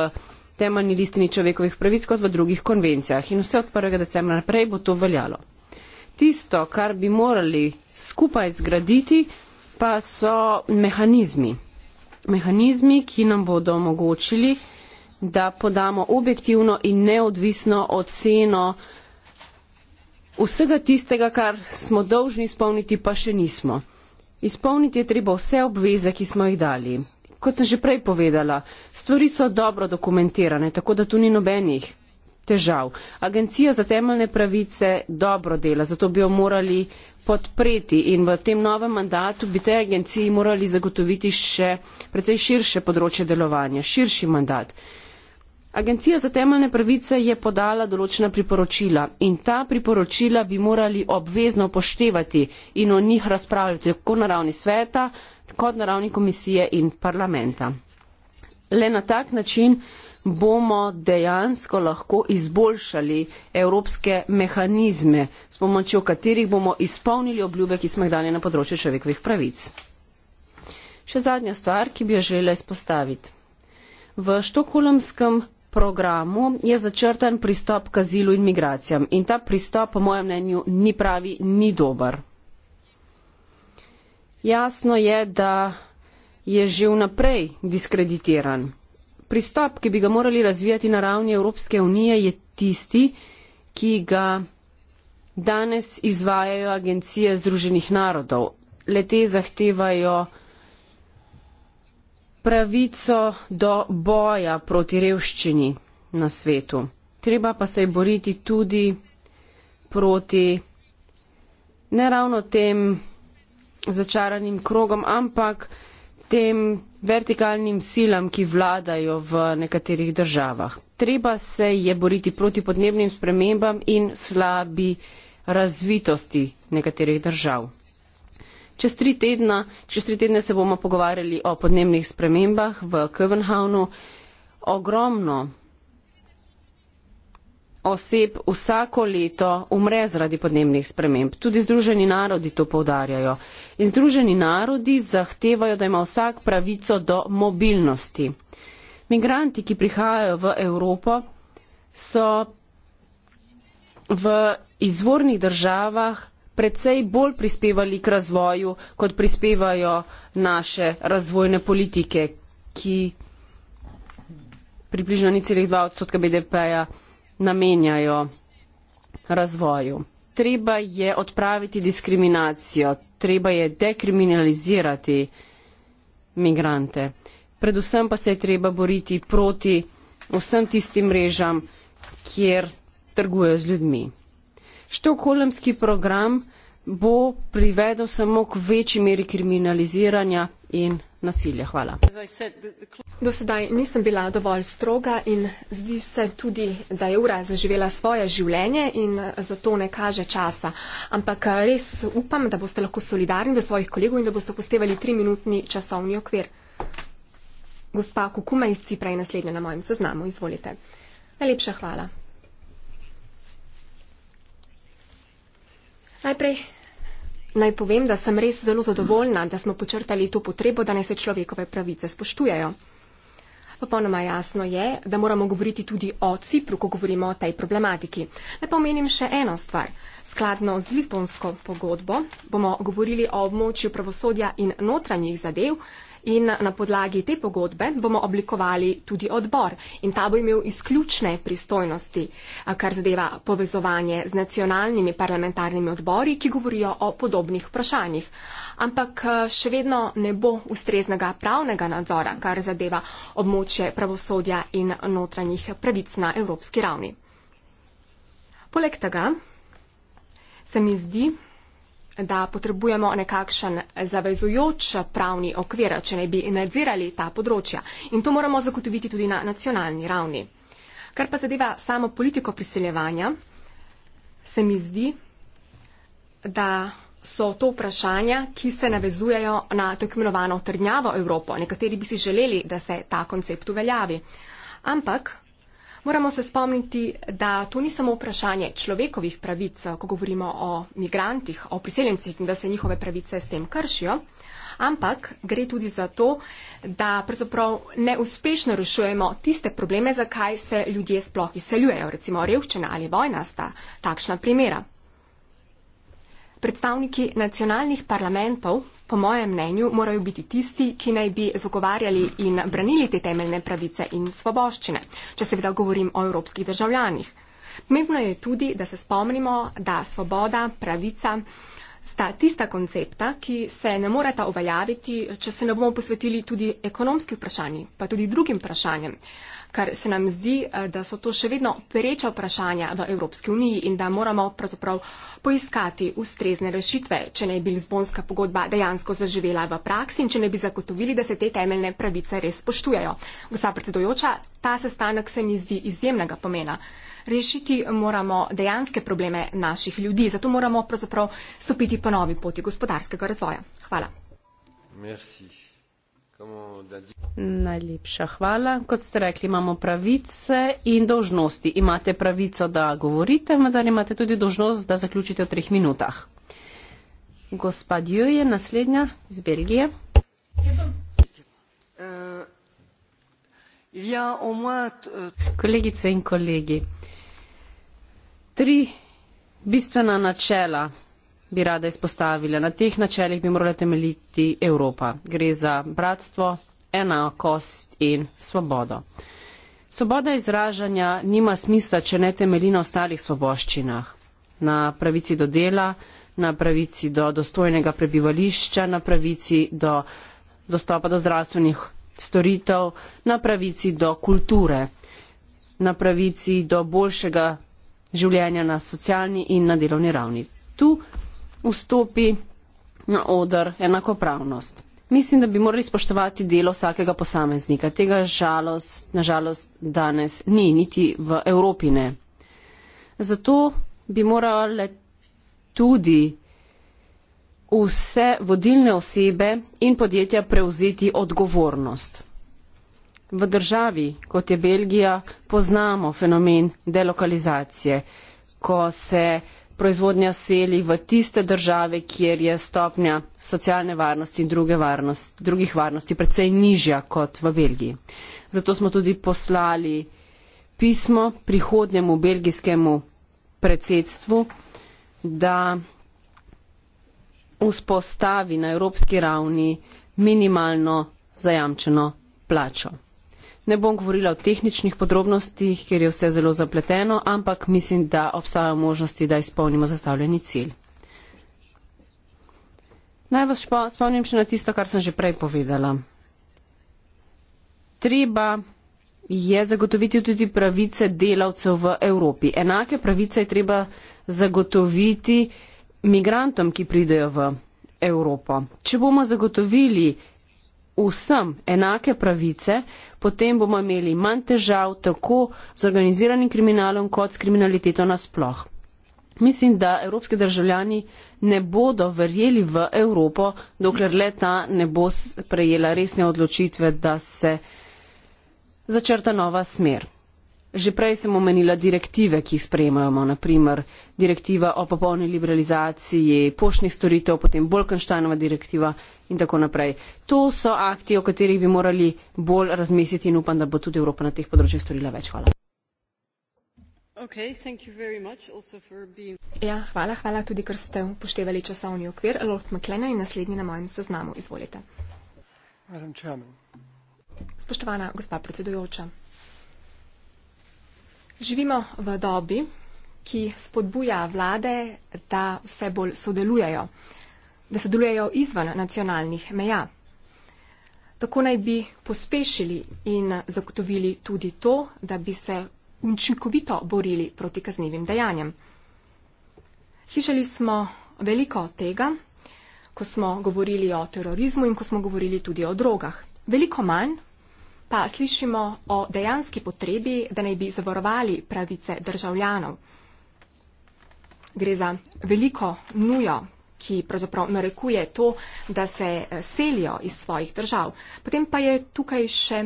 temeljni listini človekovih pravic kot v drugih konvencijah. In vse od 1. decembra naprej bo to veljalo. Tisto, kar bi morali skupaj zgraditi, pa so mehanizmi. Mehanizmi, ki nam bodo omogočili, da podamo objektivno in neodvisno oceno vsega tistega, kar smo dolžni izpolniti, pa še nismo. Izpolniti je treba vse obveze, ki smo jih dali. Kot sem že prej povedala, stvari so dobro dokumentirane, tako da tu ni nobenih težav. Agencija za temeljne pravice dobro dela, zato bi jo morali podpreti in v tem novem mandatu bi te agenciji morali zagotoviti še precej širše področje delovanja, širši mandat. Agencija za temeljne pravice je podala določena priporočila in ta priporočila bi morali obvezno poštevati in o njih razpravljati tako na ravni sveta kot na ravni komisije in parlamenta. Le na tak način bomo dejansko lahko izboljšali evropske mehanizme, s pomočjo katerih bomo izpolnili obljube, ki smo jih dali na področju človekovih pravic. Še zadnja stvar, ki bi jo želela izpostaviti. V štokholmskem programu je začrtan pristop k azilu in migracijam in ta pristop po mojem mnenju ni pravi, ni dober. Jasno je, da je že vnaprej diskreditiran. Pristop, ki bi ga morali razvijati na ravni Evropske unije, je tisti, ki ga danes izvajajo agencije Združenih narodov. Lete zahtevajo pravico do boja proti revščini na svetu. Treba pa se je boriti tudi proti ne ravno tem začaranim krogom, ampak tem vertikalnim silam, ki vladajo v nekaterih državah. Treba se je boriti proti podnebnim spremembam in slabi razvitosti nekaterih držav. Čez tri, tedna, čez tri tedne se bomo pogovarjali o podnebnih spremembah v Kövenhavnu. Ogromno oseb vsako leto umre zaradi podnebnih sprememb. Tudi Združeni narodi to povdarjajo. In Združeni narodi zahtevajo, da ima vsak pravico do mobilnosti. Migranti, ki prihajajo v Evropo, so v izvornih državah precej bolj prispevali k razvoju, kot prispevajo naše razvojne politike, ki približno niceljih 2 odstotka BDP-ja namenjajo razvoju. Treba je odpraviti diskriminacijo, treba je dekriminalizirati migrante. Predvsem pa se je treba boriti proti vsem tistim mrežam, kjer trgujejo z ljudmi. Štokholmski program bo privedel samo k večji meri kriminaliziranja in nasilja. Hvala. Do sedaj nisem bila dovolj stroga in zdi se tudi, da je ura zaživela svoje življenje in zato ne kaže časa. Ampak res upam, da boste lahko solidarni do svojih kolegov in da boste postevali tri minutni časovni okvir. Gospa Kukuma iz Cipra je naslednja na mojem seznamu. Izvolite. Najlepša hvala. Najprej naj povem, da sem res zelo zadovoljna, da smo počrtali to potrebo, da naj se človekove pravice spoštujejo. Popolnoma jasno je, da moramo govoriti tudi o Cipru, ko govorimo o tej problematiki. Naj pomenim še eno stvar. Skladno z Lizbonsko pogodbo bomo govorili o območju pravosodja in notranjih zadev, in na podlagi te pogodbe bomo oblikovali tudi odbor in ta bo imel izključne pristojnosti, kar zadeva povezovanje z nacionalnimi parlamentarnimi odbori, ki govorijo o podobnih vprašanjih. Ampak eh, še vedno ne bo ustreznega pravnega nadzora, kar zadeva območje pravosodja in notranjih pravic na evropski ravni. Poleg tega se mi zdi, da potrebujemo nekakšen zavezujoč pravni okvir, če ne bi nadzirali ta področja. In to moramo zagotoviti tudi na nacionalni ravni. Kar pa zadeva samo politiko priseljevanja, se mi zdi, da so to vprašanja, ki se navezujejo na tako imenovano trdnjavo Evropo. Nekateri bi si želeli, da se ta koncept uveljavi. Ampak moramo se spomniti, da to ni samo vprašanje človekovih pravic, ko govorimo o migrantih, o priseljencih in da se njihove pravice s tem kršijo, ampak gre tudi za to, da pravzaprav neuspešno rešujemo tiste probleme, zakaj se ljudje sploh izseljujejo, recimo revščina ali vojna sta takšna primera. Predstavniki nacionalnih parlamentov, po mojem mnenju, morajo biti tisti, ki naj bi zagovarjali in branili te temeljne pravice in svoboščine, če seveda govorim o evropskih državljanih. Pomembno je tudi, da se spomnimo, da svoboda, pravica sta tista koncepta, ki se ne moreta uveljaviti, če se ne bomo posvetili tudi ekonomskih vprašanji, pa tudi drugim vprašanjem ker se nam zdi, eh, da so to še vedno pereča vprašanja v Evropski uniji in da moramo pravzaprav poiskati ustrezne rešitve, če ne bi Lizbonska pogodba dejansko zaživela v praksi in če ne bi zagotovili, da se te temeljne pravice res poštujejo. Gospa predsedojoča, ta sestanek se mi zdi izjemnega pomena. Rešiti moramo dejanske probleme naših ljudi, zato moramo pravzaprav stopiti po novi poti gospodarskega razvoja. Hvala. Merci. Najlepša hvala. Kot ste rekli, imamo pravice in dožnosti. Imate pravico, da govorite, vendar imate tudi dožnost, da zaključite v treh minutah. Gospod Jo je naslednja iz Belgije. Eh, eh, Kolegice in kolegi, tri bistvena načela bi rada izpostavila. Na teh načelih bi morala temeljiti Evropa. Gre za bratstvo, enakost in svobodo. Svoboda izražanja nima smisla, če ne temelji na ostalih svoboščinah. Na pravici do dela, na pravici do dostojnega prebivališča, na pravici do dostopa do zdravstvenih storitev, na pravici do kulture, na pravici do boljšega življenja na socialni in na delovni ravni. Tu vstopi na odr enakopravnost. Mislim, da bi morali spoštovati delo vsakega posameznika. Tega žalost, na žalost danes ni, niti v Evropi ne. Zato bi morale tudi vse vodilne osebe in podjetja prevzeti odgovornost. V državi, kot je Belgija, poznamo fenomen delokalizacije, ko se proizvodnja seli v tiste države, kjer je stopnja socialne varnosti in druge varnost, drugih varnosti predvsej nižja kot v Belgiji. Zato smo tudi poslali pismo prihodnjemu belgijskemu predsedstvu, da vzpostavi na evropski ravni minimalno zajamčeno plačo. Ne bom govorila o tehničnih podrobnostih, ker je vse zelo zapleteno, ampak mislim, da obstajajo možnosti, da izpolnimo zastavljeni cilj. Naj vas spomnim še na tisto, kar sem že prej povedala. Treba je zagotoviti tudi pravice delavcev v Evropi. Enake pravice je treba zagotoviti migrantom, ki pridejo v Evropo. Če bomo zagotovili vsem enake pravice, potem bomo imeli manj težav tako z organiziranim kriminalom kot s kriminaliteto nasploh. Mislim, da evropski državljani ne bodo verjeli v Evropo, dokler le ta ne bo sprejela resne odločitve, da se začrta nova smer. Že prej sem omenila direktive, ki jih sprejemamo, naprimer direktiva o popolni liberalizaciji poštnih storitev, potem Bolkensteinova direktiva, in tako naprej. To so akti, o katerih bi morali bolj razmisliti in upam, da bo tudi Evropa na teh področjih storila več. Hvala. Okay, much, being... ja, hvala, hvala tudi, ker ste upoštevali časovni okvir. Lord McLennan je naslednji na mojem seznamu. Izvolite. Spoštovana gospa predsedujoča. Živimo v dobi, ki spodbuja vlade, da vse bolj sodelujejo da se delujejo izvan nacionalnih meja. Tako naj bi pospešili in zagotovili tudi to, da bi se učinkovito borili proti kaznivim dejanjem. Slišali smo veliko tega, ko smo govorili o terorizmu in ko smo govorili tudi o drogah. Veliko manj pa slišimo o dejanski potrebi, da naj bi zavarovali pravice državljanov. Gre za veliko nujo, ki pravzaprav narekuje to, da se eh, selijo iz svojih držav. Potem pa je tukaj še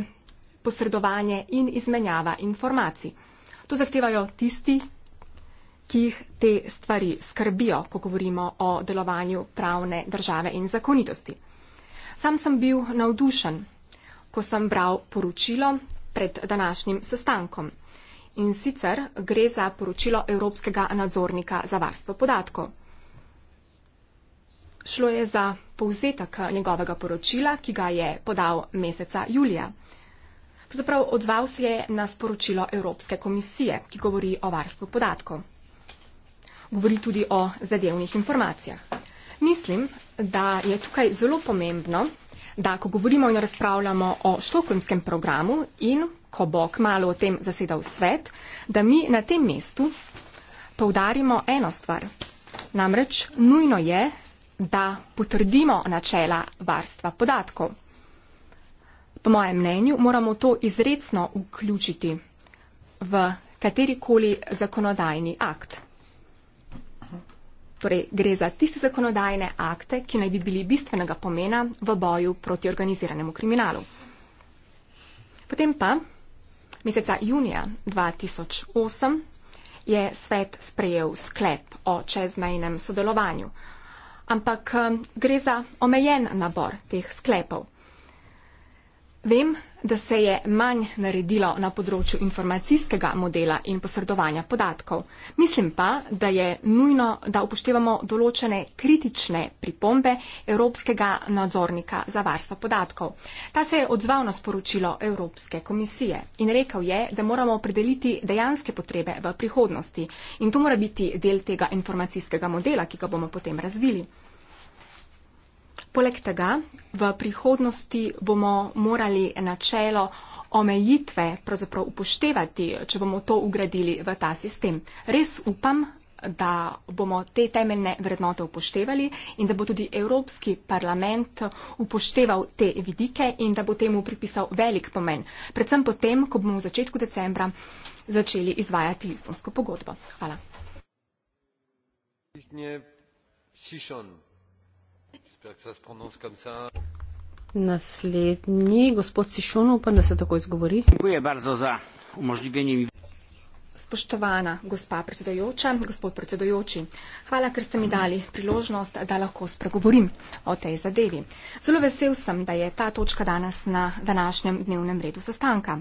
posredovanje in izmenjava informacij. To zahtevajo tisti, ki jih te stvari skrbijo, ko govorimo o delovanju pravne države in zakonitosti. Sam sem bil navdušen, ko sem bral poročilo pred današnjim sestankom. In sicer gre za poročilo Evropskega nadzornika za varstvo podatkov. Šlo je za povzetek njegovega poročila, ki ga je podal meseca julija. Pravzaprav odzval se je na sporočilo Evropske komisije, ki govori o varstvu podatkov. Govori tudi o zadevnih informacijah. Mislim, da je tukaj zelo pomembno, da ko govorimo in razpravljamo o štokholmskem programu in ko bo kmalo o tem zasedal svet, da mi na tem mestu poudarimo eno stvar. Namreč nujno je, da potrdimo načela varstva podatkov. Po mojem mnenju moramo to izredno vključiti v katerikoli zakonodajni akt. Torej, gre za tiste zakonodajne akte, ki naj bi bili bistvenega pomena v boju proti organiziranemu kriminalu. Potem pa, meseca junija 2008, je svet sprejel sklep o čezmejnem sodelovanju ampak eh, gre za omejen nabor teh sklepov. Vem, da se je manj naredilo na področju informacijskega modela in posredovanja podatkov. Mislim pa, da je nujno, da upoštevamo določene kritične pripombe Evropskega nadzornika za varstvo podatkov. Ta se je odzval na sporočilo Evropske komisije in rekel je, da moramo opredeliti dejanske potrebe v prihodnosti in to mora biti del tega informacijskega modela, ki ga bomo potem razvili. Poleg tega v prihodnosti bomo morali načelo omejitve pravzaprav upoštevati, če bomo to ugradili v ta sistem. Res upam, da bomo te temeljne vrednote upoštevali in da bo tudi Evropski parlament upošteval te vidike in da bo temu pripisal velik pomen. Predvsem potem, ko bomo v začetku decembra začeli izvajati Lizbonsko pogodbo. Hvala. Hvala. Naslednji, gospod Sišon, upam, da se tako izgovori. Spoštovana gospa predsedojoča, gospod predsedojoči, hvala, ker ste mi dali priložnost, da lahko spregovorim o tej zadevi. Zelo vesel sem, da je ta točka danes na današnjem dnevnem redu sestanka.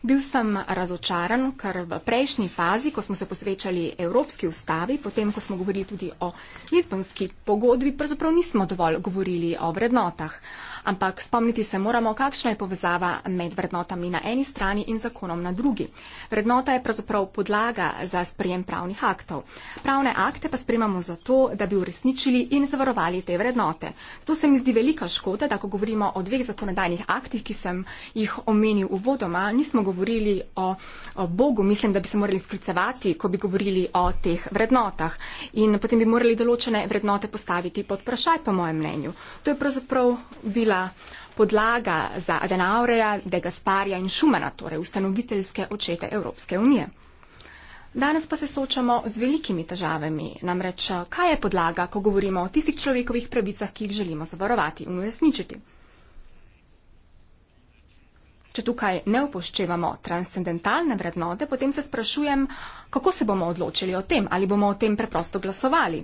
Bil sem razočaran, ker v prejšnji fazi, ko smo se posvečali Evropski ustavi, potem, ko smo govorili tudi o Lizbonski pogodbi, pravzaprav nismo dovolj govorili o vrednotah ampak spomniti se moramo, kakšna je povezava med vrednotami na eni strani in zakonom na drugi. Vrednota je pravzaprav podlaga za sprejem pravnih aktov. Pravne akte pa sprejemamo zato, da bi uresničili in zavarovali te vrednote. To se mi zdi velika škoda, da ko govorimo o dveh zakonodajnih aktih, ki sem jih omenil uvodoma, nismo govorili o, o Bogu, mislim, da bi se morali sklicevati, ko bi govorili o teh vrednotah. In potem bi morali določene vrednote postaviti pod vprašaj, po mojem mnenju. To je pravzaprav bila bila podlaga za Adenaureja, De Gasparja in Šumana, torej ustanoviteljske očete Evropske unije. Danes pa se soočamo z velikimi težavami, namreč kaj je podlaga, ko govorimo o tistih človekovih pravicah, ki jih želimo zavarovati in uresničiti. Če tukaj ne upoščevamo transcendentalne vrednote, potem se sprašujem, kako se bomo odločili o tem, ali bomo o tem preprosto glasovali.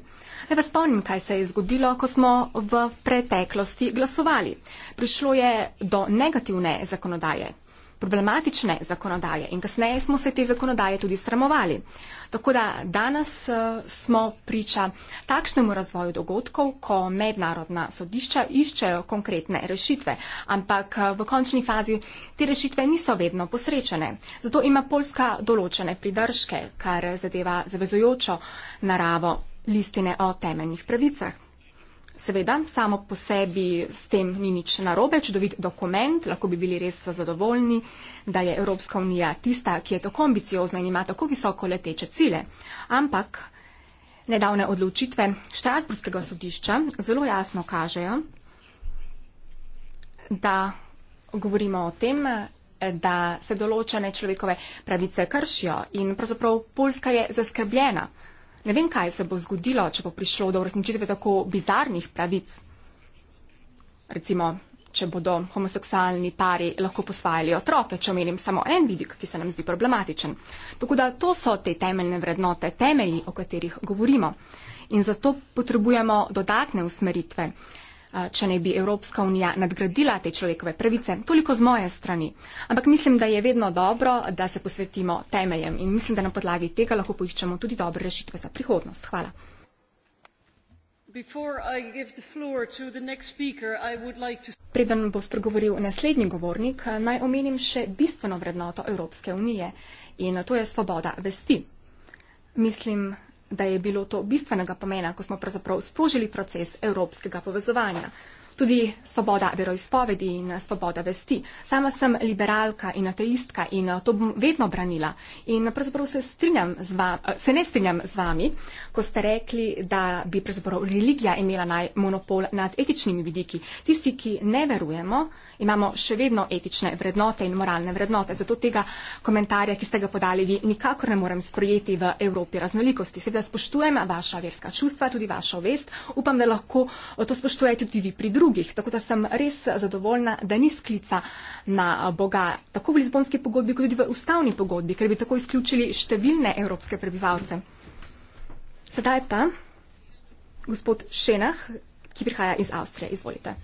Ne vas spomnim, kaj se je zgodilo, ko smo v preteklosti glasovali. Prišlo je do negativne zakonodaje, problematične zakonodaje in kasneje smo se te zakonodaje tudi sramovali. Tako da danes eh, smo priča takšnemu razvoju dogodkov, ko mednarodna sodišča iščejo konkretne rešitve, ampak eh, v končni fazi te rešitve niso vedno posrečene. Zato ima Poljska določene pridržke, kar zadeva zavezujočo naravo listine o temeljnih pravicah. Seveda, samo po sebi s tem ni nič narobe, čudovit dokument, lahko bi bili res zadovoljni, da je Evropska unija tista, ki je tako ambiciozna in ima tako visoko leteče cile. Ampak nedavne odločitve Štrasburskega sodišča zelo jasno kažejo, da govorimo o tem, da se določene človekove pravice kršijo in pravzaprav Poljska je zaskrbljena Ne vem, kaj se bo zgodilo, če bo prišlo do uresničitve tako bizarnih pravic. Recimo, če bodo homoseksualni pari lahko posvajali otroke, če omenim samo en vidik, ki se nam zdi problematičen. Tako da to so te temeljne vrednote, temelji, o katerih govorimo. In zato potrebujemo dodatne usmeritve. Eh, če ne bi Evropska unija nadgradila te človekove pravice. Toliko z moje strani. Ampak mislim, da je vedno dobro, da se posvetimo temeljem in mislim, da na podlagi tega lahko poiščemo tudi dobre rešitve za prihodnost. Hvala. Preden bo spregovoril naslednji govornik, eh, naj omenim še bistveno vrednoto Evropske unije in to je svoboda vesti. Mislim, da je bilo to bistvenega pomena, ko smo pravzaprav sprožili proces evropskega povezovanja tudi svoboda veroizpovedi in svoboda vesti. Sama sem liberalka in ateistka in eh, to bom vedno branila. In pravzaprav se, strinjam z vami, eh, se ne strinjam z vami, ko ste rekli, da bi pravzaprav religija imela naj monopol nad etičnimi vidiki. Tisti, ki ne verujemo, imamo še vedno etične vrednote in moralne vrednote. Zato tega komentarja, ki ste ga podali vi, nikakor ne morem sprojeti v Evropi raznolikosti. Seveda spoštujem vaša verska čustva, tudi vašo vest. Upam, da lahko eh, to spoštujete tudi vi pri drugih drugih. Tako da sem res zadovoljna, da ni sklica na Boga tako v Lizbonski pogodbi, kot tudi v ustavni pogodbi, ker bi tako izključili številne evropske prebivalce. Sedaj pa gospod Šenah, ki prihaja iz Avstrije. Izvolite.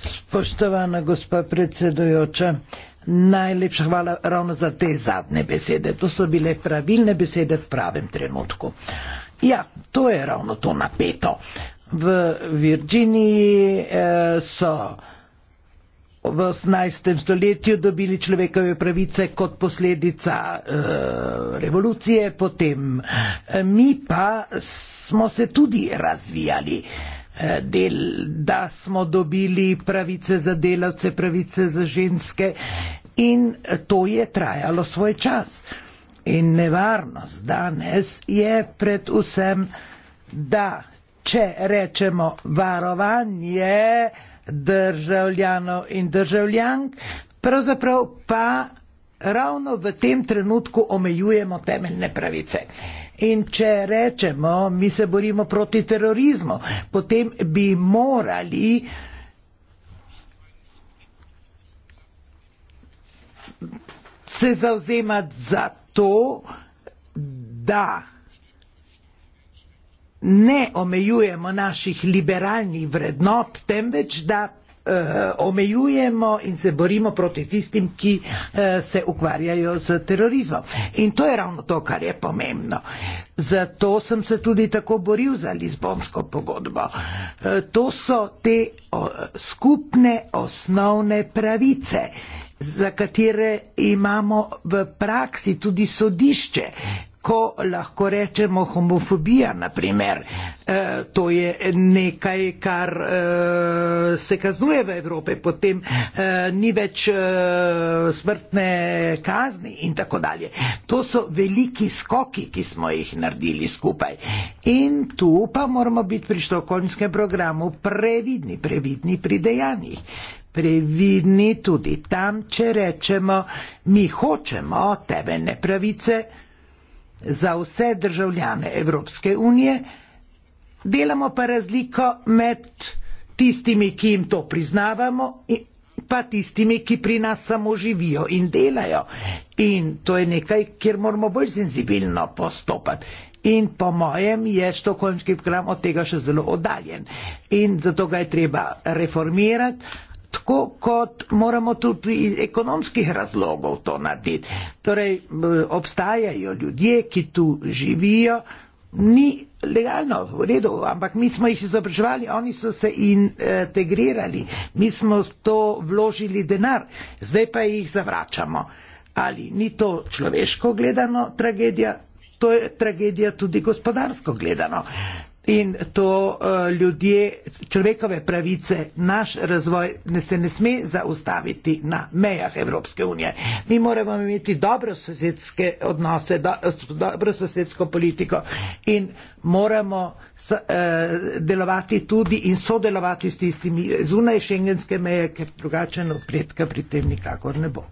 Spoštovana gospa predsedujoča, najlepša hvala ravno za te zadnje besede. To so bile pravilne besede v pravem trenutku. Ja, to je ravno to napeto v Virginiji eh, so v 18. stoletju dobili človekove pravice kot posledica eh, revolucije, potem eh, mi pa smo se tudi razvijali. Eh, del, da smo dobili pravice za delavce, pravice za ženske in to je trajalo svoj čas. In nevarnost danes je predvsem, da če rečemo varovanje državljanov in državljank, pravzaprav pa ravno v tem trenutku omejujemo temeljne pravice. In če rečemo, mi se borimo proti terorizmu, potem bi morali se zauzemati za to, da ne omejujemo naših liberalnih vrednot, temveč da uh, omejujemo in se borimo proti tistim, ki uh, se ukvarjajo z terorizmom. In to je ravno to, kar je pomembno. Zato sem se tudi tako boril za Lizbonsko pogodbo. Uh, to so te uh, skupne osnovne pravice za katere imamo v praksi tudi sodišče, ko lahko rečemo homofobija, naprimer. E, eh, to je nekaj, kar e, se kaznuje v Evropi, potem e, ni več e, smrtne kazni in tako dalje. To so veliki skoki, ki smo jih naredili skupaj. In tu pa moramo biti pri štokolmskem programu previdni, previdni pri dejanjih. Previdni tudi tam, če rečemo, mi hočemo tebe nepravice, za vse državljane Evropske unije, delamo pa razliko med tistimi, ki jim to priznavamo, pa tistimi, ki pri nas samo živijo in delajo. In to je nekaj, kjer moramo bolj senzibilno postopati. In po mojem je štokholmski program od tega še zelo oddaljen. In zato ga je treba reformirati tako kot moramo tudi iz ekonomskih razlogov to narediti. Torej, obstajajo ljudje, ki tu živijo, ni legalno, v redu, ampak mi smo jih izobraževali, oni so se integrirali, mi smo to vložili denar, zdaj pa jih zavračamo. Ali ni to človeško gledano tragedija, to je tragedija tudi gospodarsko gledano in to uh, ljudje, človekove pravice, naš razvoj ne se ne sme zaustaviti na mejah Evropske unije. Mi moramo imeti dobro sosedske odnose, do, dobro sosedsko politiko in moramo s, uh, delovati tudi in sodelovati s tistimi zunaj šengenske meje, ker drugače napredka pri tem nikakor ne bo.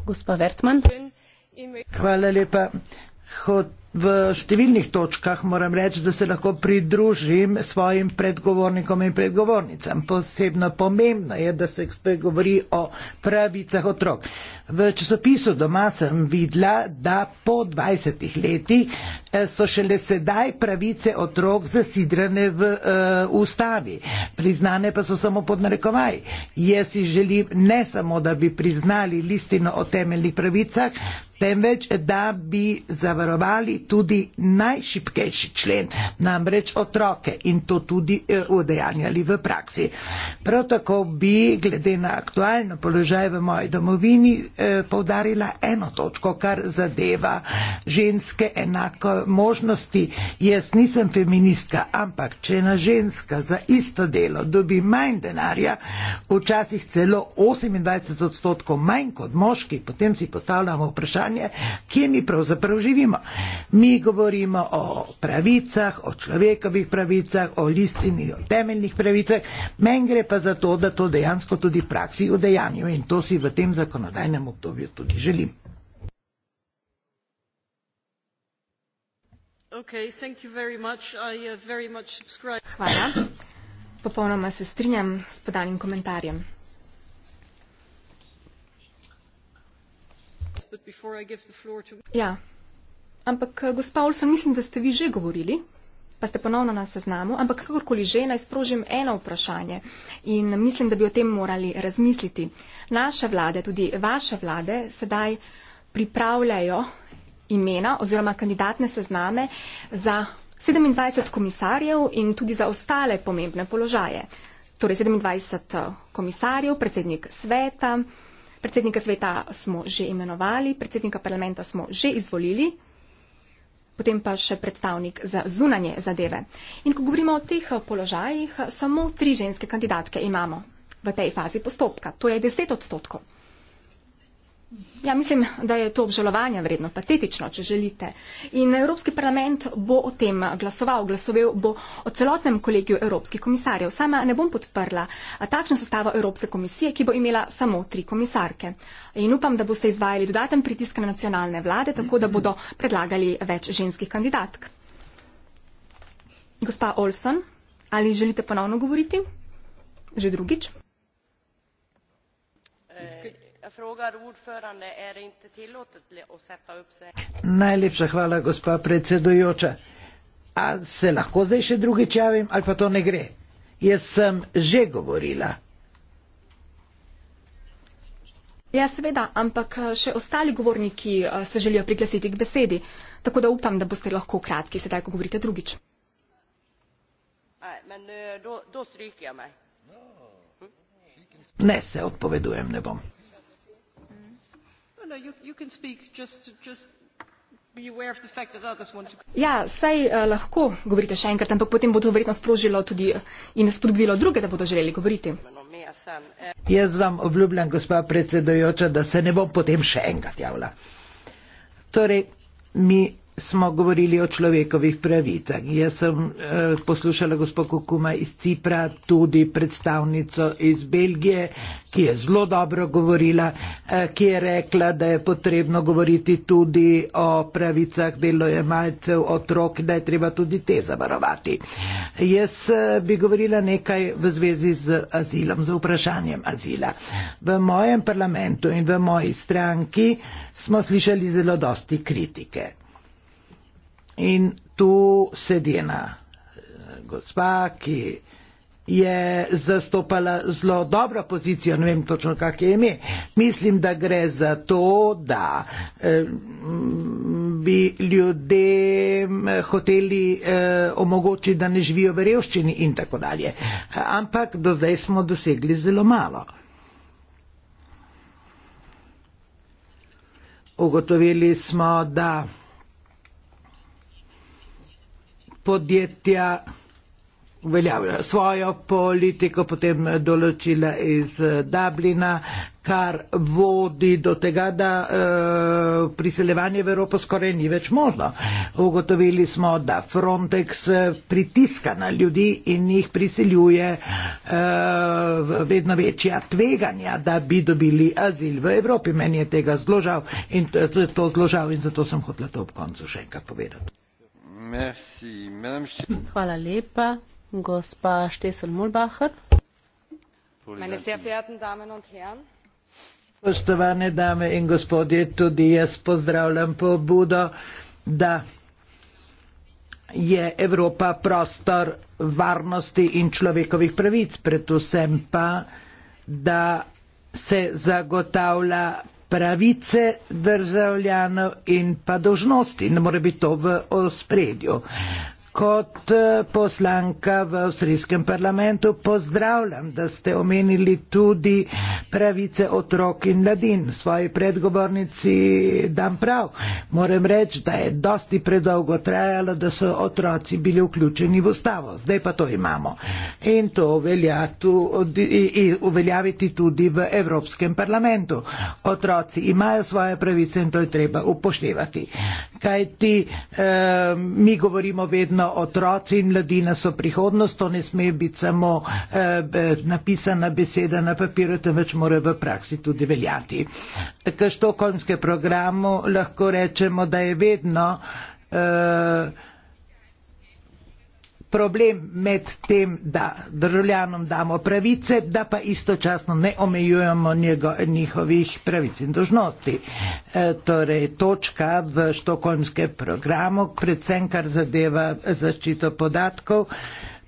hvala lepa gospa predsednica v številnih točkah moram reči, da se lahko pridružim svojim predgovornikom in predgovornicam. Posebno pomembno je, da se spregovori o pravicah otrok. V časopisu doma sem videla, da po 20 letih eh, so šele sedaj pravice otrok zasidrane v uh, ustavi. Priznane pa so samo pod narekovaj. Jaz si želim ne samo, da bi priznali listino o temeljnih pravicah, temveč da bi zavarovali tudi najšipkejši člen, namreč otroke in to tudi eh, udejanjali v praksi. Prav tako bi glede na aktualno položaj v moji domovini eh, povdarila eno točko, kar zadeva ženske enako možnosti. Jaz nisem feministka, ampak če ena ženska za isto delo dobi manj denarja, včasih celo 28 odstotkov manj kot moški, potem si postavljamo vprašanje, vprašanje, kje mi pravzaprav živimo. Mi govorimo o pravicah, o človekovih pravicah, o listini, o temeljnih pravicah, meni gre pa za to, da to dejansko tudi praksi v dejanju in to si v tem zakonodajnem obdobju tudi želim. Okay, uh, Hvala. Popolnoma se strinjam s podanim komentarjem. Ja, ampak eh, gospa Olsen, mislim, da ste vi že govorili, pa ste ponovno na seznamu, ampak kakorkoli že naj sprožim eno vprašanje in mislim, da bi o tem morali razmisliti. Naše vlade, tudi vaše vlade, sedaj pripravljajo imena oziroma kandidatne sezname za 27 komisarjev in tudi za ostale pomembne položaje. Torej 27 eh, komisarjev, predsednik sveta, Predsednika sveta smo že imenovali, predsednika parlamenta smo že izvolili, potem pa še predstavnik za zunanje zadeve. In ko govorimo o teh eh, položajih, samo tri ženske kandidatke imamo v tej fazi postopka. To je deset odstotkov. Ja, mislim, da je to obžalovanje vredno, patetično, če želite. In Evropski parlament bo o tem glasoval, glasoval bo o celotnem kolegiju Evropskih komisarjev. Sama ne bom podprla takšno sestavo Evropske komisije, ki bo imela samo tri komisarke. In upam, da boste izvajali dodaten pritisk na nacionalne vlade, tako da bodo predlagali več ženskih kandidatk. Gospa Olson, ali želite ponovno govoriti? Že drugič? Eh. Najlepša hvala, gospa predsedujoča. A se lahko zdaj še drugič javim ali pa to ne gre? Jaz sem že govorila. Ja, seveda, ampak eh, še ostali govorniki eh, se želijo priglasiti k besedi, tako da upam, da boste lahko kratki sedaj, ko govorite drugič. Eh, ne, se odpovedujem ne bom no, you, you can speak just. just Ja, saj uh, lahko govorite še enkrat, ampak potem bo to verjetno sprožilo tudi eh, in spodbudilo druge, da bodo želeli govoriti. Jaz vam obljubljam, gospa predsedojoča, da se ne bom potem še enkrat javila. Torej, mi smo govorili o človekovih pravicah. Jaz sem eh, poslušala gospod Kukuma iz Cipra, tudi predstavnico iz Belgije, ki je zelo dobro govorila, eh, ki je rekla, da je potrebno govoriti tudi o pravicah delojemalcev, otrok, da je treba tudi te zavarovati. Jaz eh, bi govorila nekaj v zvezi z azilom, z vprašanjem azila. V mojem parlamentu in v moji stranki smo slišali zelo dosti kritike. In tu sedi ena eh, gospa, ki je zastopala zelo dobro pozicijo, ne vem točno, kak je ime. Mislim, da gre za to, da eh, bi ljudem eh, hoteli omogočiti, da ne živijo v revščini in tako dalje. Ampak do zdaj smo dosegli zelo malo. Ugotovili smo, da podjetja uveljavljajo svojo politiko, potem določila iz eh, Dublina, kar vodi do tega, da uh, priseljevanje v Evropo skoraj ni več možno. Ugotovili smo, da Frontex eh, pritiska na ljudi in jih priseljuje uh, vedno večja tveganja, da bi dobili azil v Evropi. Meni je tega zložal in to, to zložal in zato sem hotel to ob koncu še enkrat povedati. Hvala lepa. Gospa Štesel Mulbacher. Spoštovane dame in gospodje, tudi jaz pozdravljam pobudo, da je Evropa prostor varnosti in človekovih pravic, predvsem pa, da se zagotavlja pravice državljanov in pa dožnosti, ne more biti to v ospredju. Kot eh, poslanka v avstrijskem parlamentu pozdravljam, da ste omenili tudi pravice otrok in mladin. V svoji predgovornici dam prav. Moram reči, da je dosti predolgo trajalo, da so otroci bili vključeni v ustavo. Zdaj pa to imamo. In to uveljaviti tudi v Evropskem parlamentu. Otroci imajo svoje pravice in to je treba upoštevati. Kajti eh, mi govorimo vedno, vedno otroci in mladina so prihodnost, to ne sme biti samo eh, napisana beseda na papiru, temveč mora v praksi tudi veljati. Tako štokholmske programu lahko rečemo, da je vedno eh, problem med tem, da državljanom damo pravice, da pa istočasno ne omejujemo njego, njihovih pravic in dožnosti. E, torej, točka v štokholmskem programu, predvsem kar zadeva zaščito podatkov,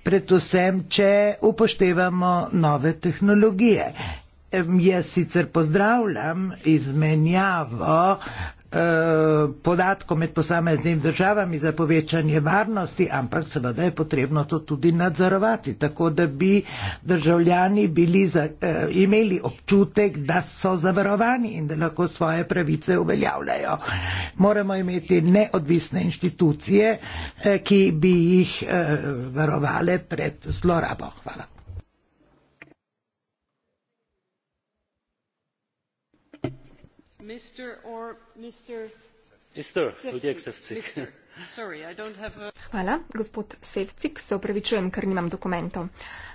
predvsem, če upoštevamo nove tehnologije. Jaz sicer pozdravljam izmenjavo Eh, podatkov med posameznim državami za povečanje varnosti, ampak seveda je potrebno to tudi nadzorovati, tako da bi državljani bili, za, eh, imeli občutek, da so zavarovani in da lahko svoje pravice uveljavljajo. Moramo imeti neodvisne inštitucije, eh, ki bi jih varovale pred zlorabo. Hvala. Hvala, gospod Sevcik, se opravičujem, ker nimam dokumentov.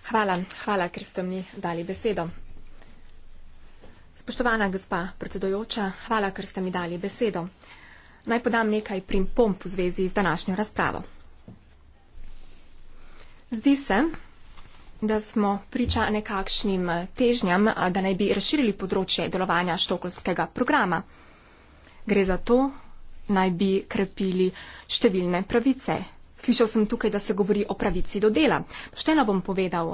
Hvala, hvala, ker ste mi dali besedo. Spoštovana gospa predsedujoča, hvala, ker ste mi dali besedo. Naj podam nekaj pripomb v zvezi z današnjo razpravo. Zdi se, da smo priča nekakšnim težnjam, da naj bi razširili področje delovanja štokolskega programa. Gre za to, naj bi krepili številne pravice. Slišal sem tukaj, da se govori o pravici do dela. Pošteno bom povedal,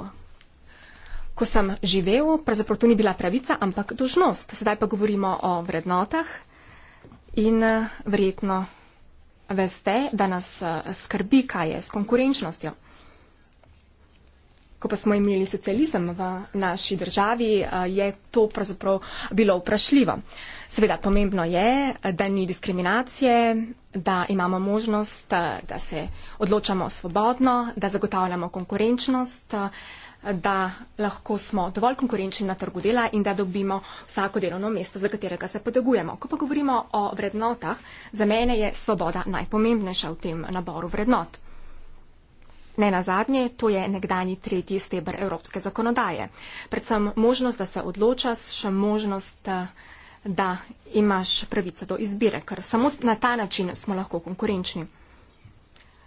ko sem živel, pravzaprav to ni bila pravica, ampak dožnost. Sedaj pa govorimo o vrednotah in verjetno veste, da nas eh, skrbi, kaj je s konkurenčnostjo ko pa smo imeli socializem v naši državi, eh, je to pravzaprav bilo vprašljivo. Seveda pomembno je, da ni diskriminacije, da imamo možnost, eh, da se odločamo svobodno, da zagotavljamo konkurenčnost, eh, da lahko smo dovolj konkurenčni na trgu dela in da dobimo vsako delovno mesto, za katerega se podegujemo. Ko pa govorimo o vrednotah, za mene je svoboda najpomembnejša v tem naboru vrednot. Ne na zadnje, to je nekdani tretji stebr evropske zakonodaje. Predvsem možnost, da se odločaš, še možnost, eh, da imaš pravico do izbire, ker samo na ta način smo lahko konkurenčni.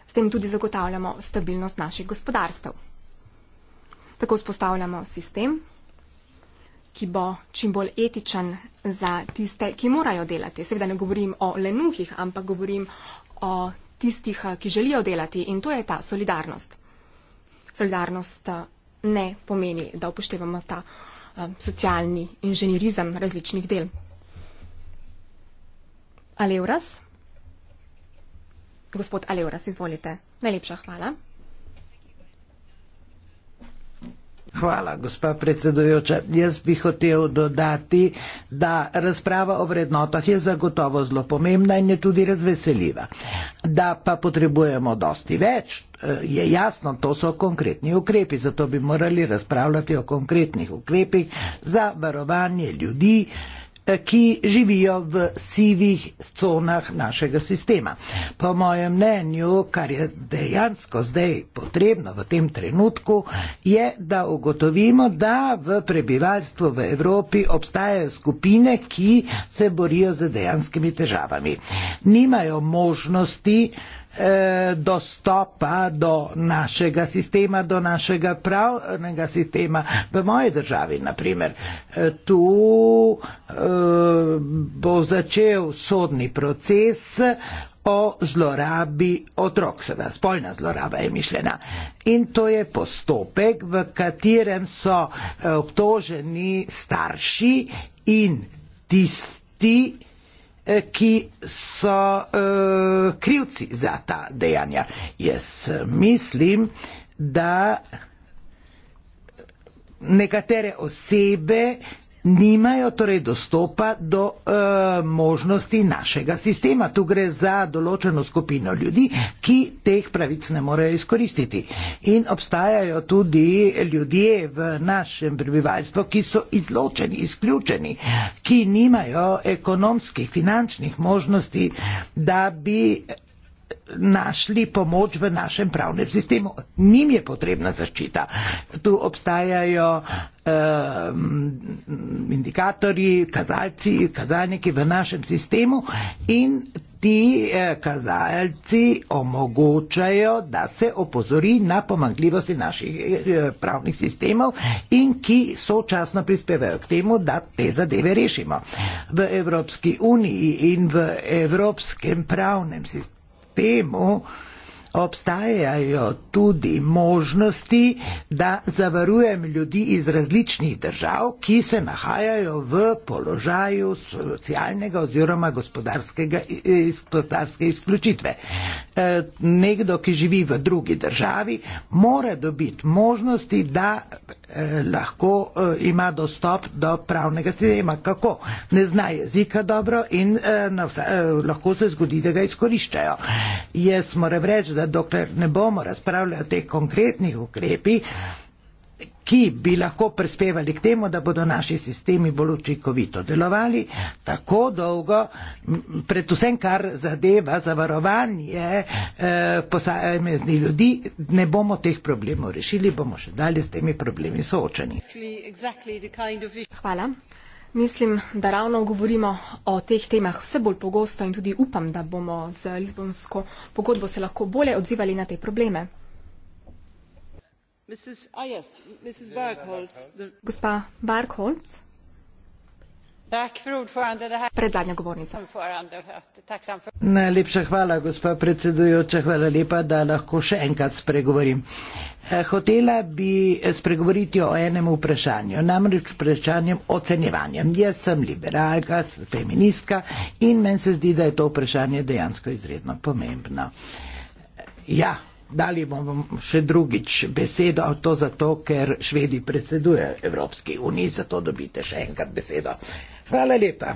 S tem tudi zagotavljamo stabilnost naših gospodarstev. Tako spostavljamo sistem, ki bo čim bolj etičen za tiste, ki morajo delati. Seveda ne govorim o lenuhih, ampak govorim o tistih, eh, ki želijo delati in to je ta solidarnost. Solidarnost eh, ne pomeni, da upoštevamo ta eh, socialni inženirizem različnih del. Alevras? Gospod Alevras, izvolite. Najlepša hvala. Hvala, gospa predsedujoča. Jaz bi hotel dodati, da razprava o vrednotah je zagotovo zelo pomembna in je tudi razveseljiva. Da pa potrebujemo dosti več, eh, je jasno, to so konkretni ukrepi, zato bi morali razpravljati o konkretnih ukrepih za varovanje ljudi, Eh, ki živijo v sivih conah našega sistema. Po mojem mnenju, kar je dejansko zdaj potrebno v tem trenutku, je, da ugotovimo, da v prebivalstvu v Evropi obstajajo skupine, ki se borijo z dejanskimi težavami. Nimajo možnosti Eh, dostopa do našega sistema, do našega pravnega sistema. V moji državi, na primer, eh, tu eh, bo začel sodni proces o zlorabi otrok, seveda spolna zloraba je mišljena. In to je postopek, v katerem so obtoženi starši in tisti, ki so uh, krivci za ta dejanja. Jaz mislim, da nekatere osebe nimajo torej dostopa do e, možnosti našega sistema. Tu gre za določeno skupino ljudi, ki teh pravic ne morejo izkoristiti. In obstajajo tudi ljudje v našem prebivalstvu, ki so izločeni, izključeni, ki nimajo ekonomskih, finančnih možnosti, da bi našli pomoč v našem pravnem sistemu. Nim je potrebna zaščita. Tu obstajajo eh, indikatorji, kazalci, kazalniki v našem sistemu in ti eh, kazalci omogočajo, da se opozori na pomankljivosti naših eh, pravnih sistemov in ki sočasno prispevajo k temu, da te zadeve rešimo. V Evropski uniji in v Evropskem pravnem sistemu temo, obstajajo tudi možnosti, da zavarujem ljudi iz različnih držav, ki se nahajajo v položaju socialnega oziroma gospodarske izključitve. E, nekdo, ki živi v drugi državi, mora dobiti možnosti, da e, lahko e, ima dostop do pravnega sistema. Kako? Ne zna jezika dobro in vse, lahko se zgodi, da ga izkoriščajo. Jaz moram reči, da dokler ne bomo razpravljali o teh konkretnih ukrepih, ki bi lahko prispevali k temu, da bodo naši sistemi bolj učinkovito delovali, tako dolgo, predvsem kar zadeva zavarovanje eh, posamezni ljudi, ne bomo teh problemov rešili, bomo še dalje s temi problemi soočeni. Hvala. Mislim, da ravno govorimo o teh temah vse bolj pogosto in tudi upam, da bomo z Lizbonsko pogodbo se lahko bolje odzivali na te probleme. Mrs. Ah, yes, Mrs. Barkholz. Gospa Barkholz. Najlepša hvala, gospa predsedujoča. Hvala lepa, da lahko še enkrat spregovorim. Eh, hotela bi eh, spregovoriti o enem vprašanju, namreč vprašanju ocenjevanja. Jaz sem liberalka, feministka in meni se zdi, da je to vprašanje dejansko izredno pomembno. Ja, dali bomo še drugič besedo, a to zato, ker Švedi predseduje Evropski uniji, zato dobite še enkrat besedo. Hvala lepa.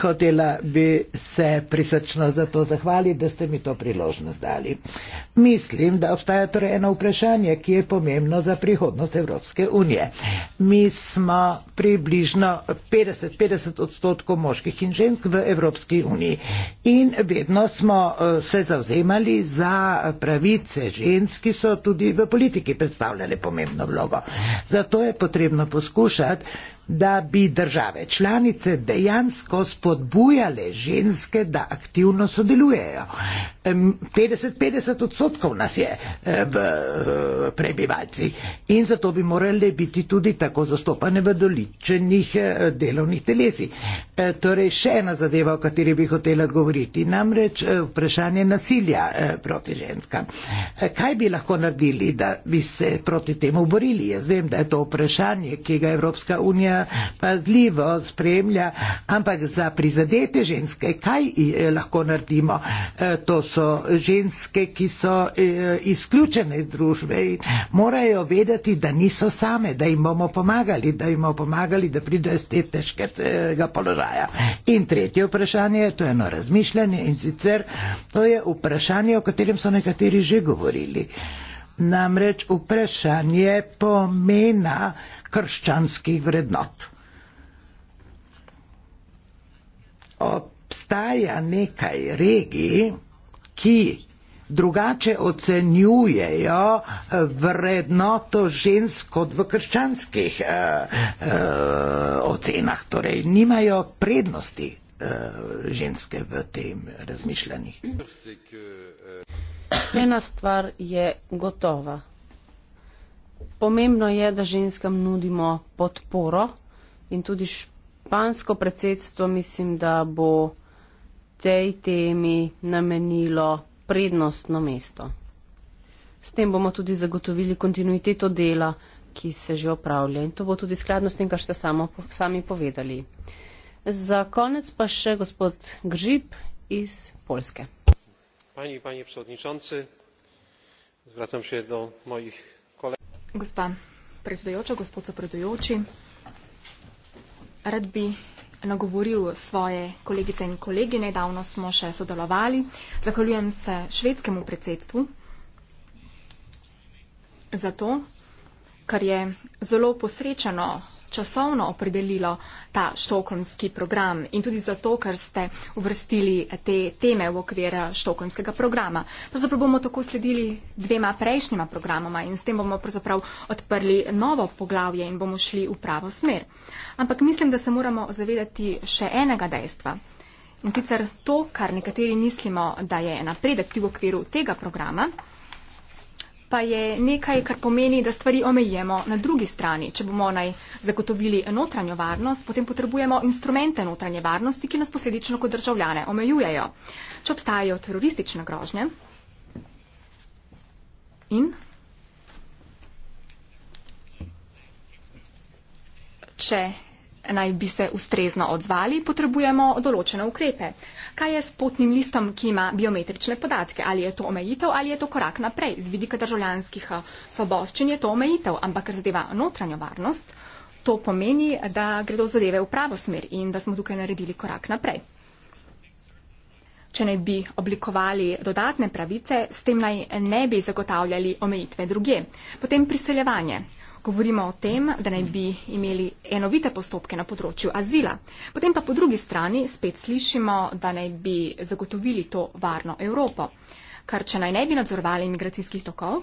Hotela bi se prisrčno za to zahvaliti, da ste mi to priložnost dali. Mislim, da obstaja torej eno vprašanje, ki je pomembno za prihodnost Evropske unije. Mi smo približno 50-50 odstotkov moških in žensk v Evropski uniji in vedno smo eh, se zauzemali za pravice žensk, ki so tudi v politiki predstavljale pomembno vlogo. Zato je potrebno poskušati da bi države članice dejansko spodbujale ženske, da aktivno sodelujejo. 50-50 odstotkov nas je eh, v eh, prebivalci in zato bi morali biti tudi tako zastopane v določenih eh, delovnih telesi. Torej, še ena zadeva, o kateri bi hotela govoriti, namreč vprašanje nasilja proti ženskam. Kaj bi lahko naredili, da bi se proti temu borili? Jaz vem, da je to vprašanje, ki ga Evropska unija pazljivo spremlja, ampak za prizadete ženske, kaj eh, lahko naredimo? Eh, to so ženske, ki so eh, izključene iz družbe in morajo vedeti, da niso same, da jim bomo pomagali, da jim bomo pomagali, da pridejo iz te težkega položaja. In tretje vprašanje, to je eno razmišljanje in sicer to je vprašanje, o katerem so nekateri že govorili. Namreč vprašanje pomena, krščanskih vrednot. Obstaja nekaj regij, ki drugače ocenjujejo vrednoto žensk kot v krščanskih eh, eh, ocenah, torej nimajo prednosti eh, ženske v tem razmišljanju. Ena stvar je gotova pomembno je, da ženskam nudimo podporo in tudi špansko predsedstvo mislim, da bo tej temi namenilo prednostno mesto. S tem bomo tudi zagotovili kontinuiteto dela, ki se že opravlja in to bo tudi skladno s tem, kar ste samo, sami povedali. Za konec pa še gospod Gržib iz Polske. Pani, pani predsedniki, zvracam se do mojih Gospa predsedojoča, gospod predsedojoči, rad bi nagovoril svoje kolegice in kolegi, nedavno smo še sodelovali. Zahvaljujem se švedskemu predsedstvu za to, kar je zelo posrečeno časovno opredelilo ta štokholmski program in tudi zato, ker ste uvrstili te teme v okvir štokholmskega programa. Pravzaprav bomo tako sledili dvema prejšnjima programoma in s tem bomo pravzaprav odprli novo poglavje in bomo šli v pravo smer. Ampak mislim, da se moramo zavedati še enega dejstva. In sicer to, kar nekateri mislimo, da je napredek tudi v okviru tega programa, pa je nekaj, kar pomeni, da stvari omejujemo na drugi strani. Če bomo naj zagotovili notranjo varnost, potem potrebujemo instrumente notranje varnosti, ki nas posledično kot državljane omejujejo. Če obstajajo teroristične grožnje in če naj bi se ustrezno odzvali, potrebujemo določene ukrepe. Kaj je s potnim listom, ki ima biometrične podatke? Ali je to omejitev ali je to korak naprej? Z vidika državljanskih eh, svoboščin je to omejitev, ampak ker zadeva notranjo varnost, to pomeni, da gredo zadeve v pravo smer in da smo tukaj naredili korak naprej če ne bi oblikovali dodatne pravice, s tem naj ne bi zagotavljali omejitve druge. Potem priseljevanje. Govorimo o tem, da naj bi imeli enovite postopke na področju azila. Potem pa po drugi strani spet slišimo, da naj bi zagotovili to varno Evropo. Kar če naj ne bi nadzorovali imigracijskih tokov,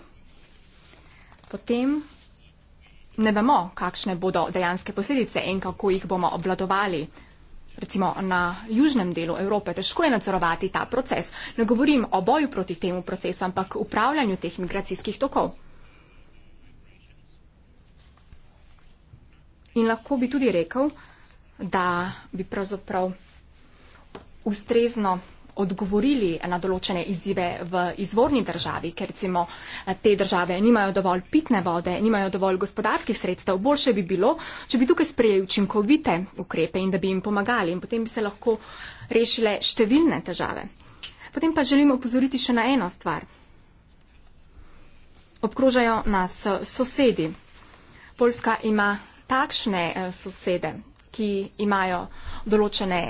potem ne vemo, kakšne bodo dejanske posledice in kako jih bomo obladovali recimo na južnem delu Evrope, težko je nadzorovati ta proces. Ne govorim o boju proti temu procesu, ampak upravljanju teh migracijskih tokov. In lahko bi tudi rekel, da bi pravzaprav ustrezno odgovorili na določene izzive v izvorni državi, ker recimo eh, te države nimajo dovolj pitne vode, nimajo dovolj gospodarskih sredstev, boljše bi bilo, če bi tukaj sprejeli učinkovite ukrepe in da bi jim pomagali in potem bi se lahko rešile številne težave. Potem pa želimo opozoriti še na eno stvar. Obkrožajo nas eh, sosedi. Poljska ima takšne eh, sosede, ki imajo določene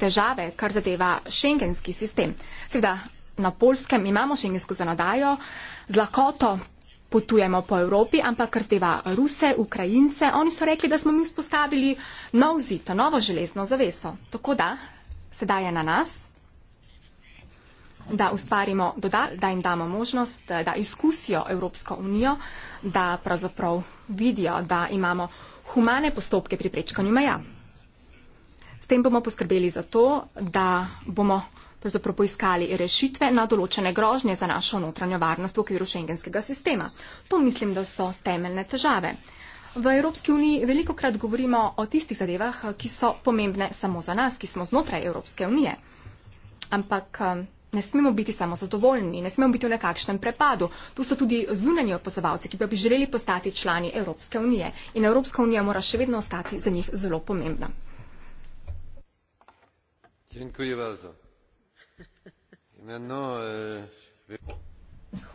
težave, kar zadeva šengenski sistem. Seveda na polskem imamo šengensko zanodajo, z lakoto potujemo po Evropi, ampak kar zadeva Ruse, Ukrajince, oni so rekli, da smo mi spostavili nov zid, novo železno zaveso. Tako da sedaj je na nas, da ustvarimo, da jim damo možnost, da izkusijo Evropsko unijo, da pravzaprav vidijo, da imamo humane postopke pri prečkanju meja tem bomo poskrbeli za to, da bomo pravzaprav poiskali rešitve na določene grožnje za našo notranjo varnost v okviru šengenskega sistema. To mislim, da so temeljne težave. V Evropski uniji veliko krat govorimo o tistih zadevah, ki so pomembne samo za nas, ki smo znotraj Evropske unije. Ampak eh, ne smemo biti samo zadovoljni, ne smemo biti v nekakšnem prepadu. Tu so tudi zunanji opozovalci, ki pa bi želeli postati člani Evropske unije. In Evropska unija mora še vedno ostati za njih zelo pomembna. E,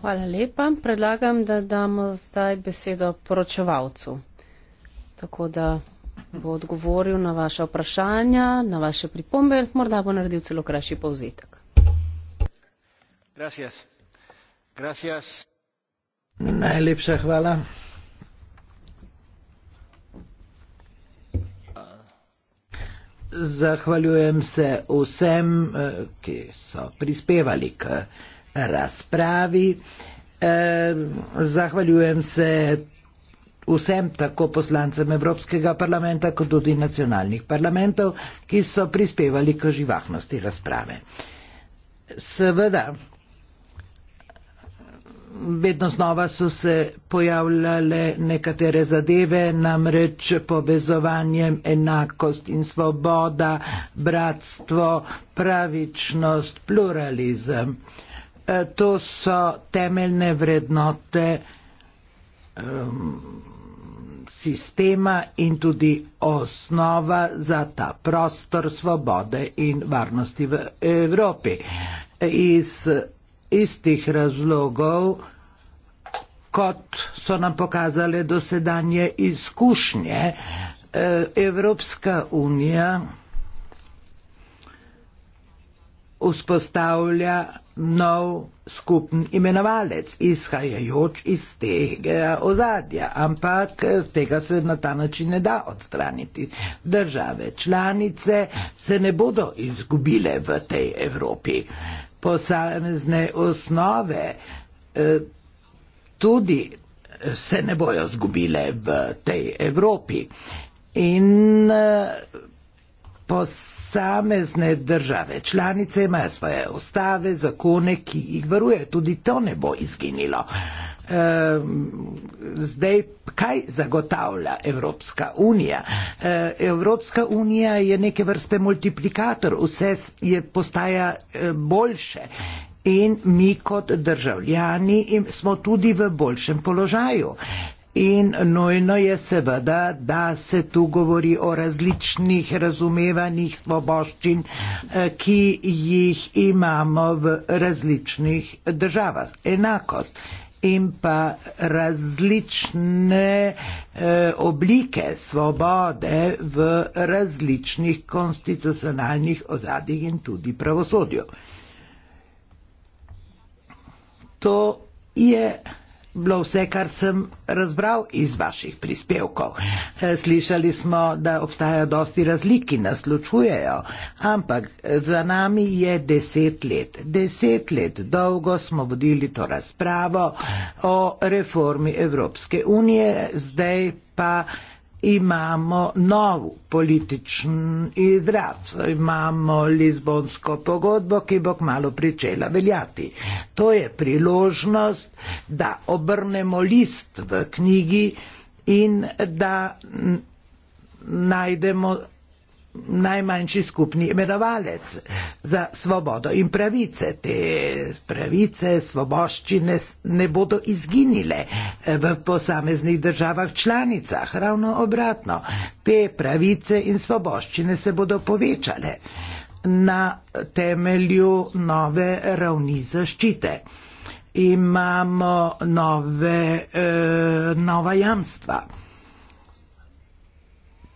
hvala lepa. Predlagam, da damo zdaj besedo poročevalcu, tako da bo odgovoril na vaše vprašanja, na vaše pripombe, morda bo naredil celo krajši povzetek. Najlepša hvala. Zahvaljujem se vsem, eh, ki so prispevali k razpravi. Eh, zahvaljujem se vsem, tako poslancem Evropskega parlamenta, kot tudi nacionalnih parlamentov, ki so prispevali k živahnosti razprave. Seveda, vedno znova so se pojavljale nekatere zadeve, namreč povezovanjem enakost in svoboda, bratstvo, pravičnost, pluralizem. E, to so temeljne vrednote sistema in tudi osnova za ta prostor svobode in varnosti v Evropi. Iz istih razlogov, kot so nam pokazale dosedanje izkušnje, eh, Evropska unija vzpostavlja nov skupni imenovalec, izhajajoč iz tega ozadja, ampak eh, tega se na ta način ne da odstraniti. Države članice se ne bodo izgubile v tej Evropi posamezne osnove, eh, tudi se ne bojo zgubile v tej Evropi. In eh, posamezne države, članice imajo svoje ustave, zakone, ki jih varuje, tudi to ne bo izginilo. Eh, zdaj kaj zagotavlja Evropska unija? Eh, Evropska unija je neke vrste multiplikator, vse je postaja eh, boljše. In mi kot državljani smo tudi v boljšem položaju. In nojno je seveda, da se tu govori o različnih razumevanjih svoboščin, eh, ki jih imamo v različnih državah. Enakost, in pa različne eh, oblike svobode v različnih konstitucionalnih ozadjih in tudi pravosodju. To je bilo vse, kar sem razbral iz vaših prispevkov. Ja. Eh, slišali smo, da obstajajo dosti razlik, ki nas ločujejo, ampak eh, za nami je deset let. Deset let dolgo smo vodili to razpravo o reformi Evropske unije, zdaj pa imamo nov političen izraz, imamo Lizbonsko pogodbo, ki bo kmalo pričela veljati. To je priložnost, da obrnemo list v knjigi in da najdemo najmanjši skupni imenovalec za svobodo in pravice. Te pravice, svoboščine ne bodo izginile eh, v posameznih državah članicah, ravno obratno. Te pravice in svoboščine se bodo povečale na temelju nove ravni zaščite. Imamo nove, e, nova jamstva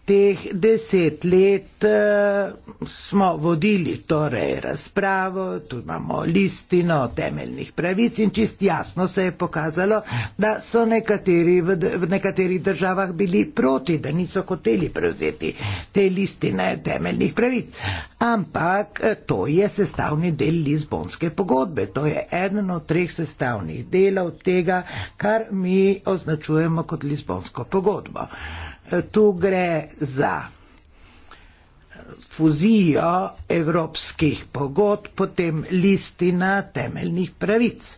teh deset let eh, smo vodili torej razpravo, tu imamo listino temeljnih pravic in čist jasno se je pokazalo, da so nekateri v, v nekaterih državah bili proti, da niso hoteli prevzeti te listine temeljnih pravic. Ampak eh, to je sestavni del Lizbonske pogodbe, to je eden od treh sestavnih delov tega, kar mi označujemo kot Lizbonsko pogodbo tu gre za fuzijo evropskih pogod, potem listina temeljnih pravic.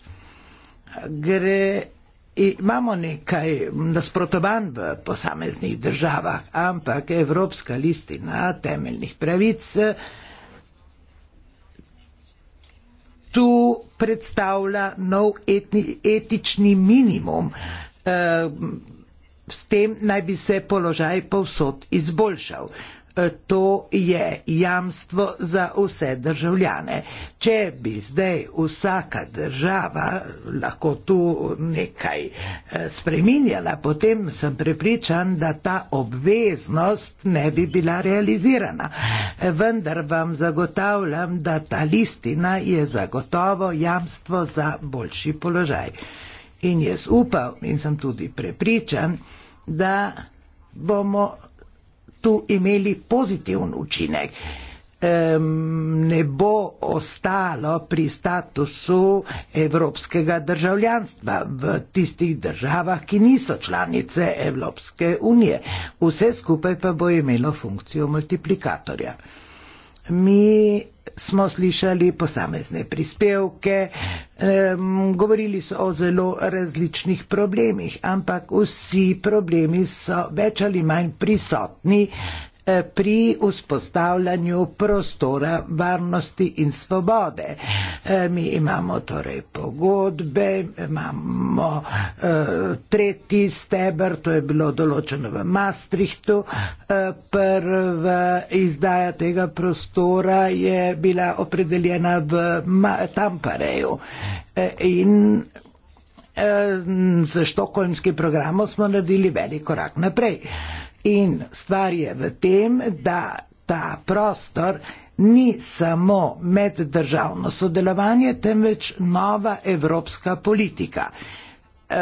Gre, imamo nekaj nasprotovanj v posameznih državah, ampak evropska listina temeljnih pravic tu predstavlja nov etni, etični minimum. Uh, S tem naj bi se položaj povsod izboljšal. E, to je jamstvo za vse državljane. Če bi zdaj vsaka država lahko tu nekaj e, spreminjala, potem sem prepričan, da ta obveznost ne bi bila realizirana. E, vendar vam zagotavljam, da ta listina je zagotovo jamstvo za boljši položaj. In jaz upam in sem tudi prepričan, da bomo tu imeli pozitiven učinek. Ne bo ostalo pri statusu evropskega državljanstva v tistih državah, ki niso članice Evropske unije. Vse skupaj pa bo imelo funkcijo multiplikatorja. Mi smo slišali posamezne prispevke, um, govorili so o zelo različnih problemih, ampak vsi problemi so več ali manj prisotni Eh, pri vzpostavljanju prostora varnosti in svobode. Eh, mi imamo torej pogodbe, imamo eh, tretji stebr, to je bilo določeno v Maastrichtu, prva izdaja tega prostora je bila opredeljena v Tampareju. In z štokholmskim programom smo naredili velik korak naprej. In stvar je v tem, da ta prostor ni samo meddržavno sodelovanje, temveč nova evropska politika. E,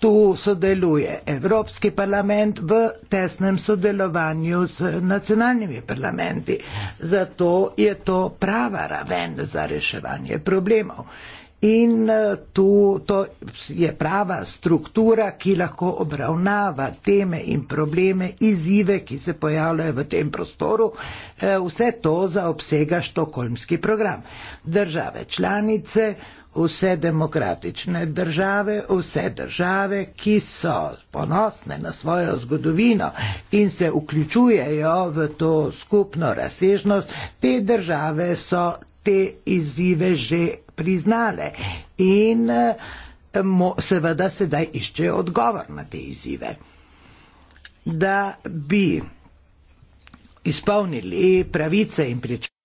tu sodeluje Evropski parlament v tesnem sodelovanju z nacionalnimi parlamenti. Zato je to prava raven za reševanje problemov. In eh, to, to je prava struktura, ki lahko obravnava teme in probleme, izzive, ki se pojavljajo v tem prostoru. Eh, vse to zaobsega štokholmski program. Države članice, vse demokratične države, vse države, ki so ponosne na svojo zgodovino in se vključujejo v to skupno razsežnost, te države so te izzive že priznale in eh, mo, seveda sedaj iščejo odgovor na te izzive. Da bi izpolnili pravice in pričakovanja,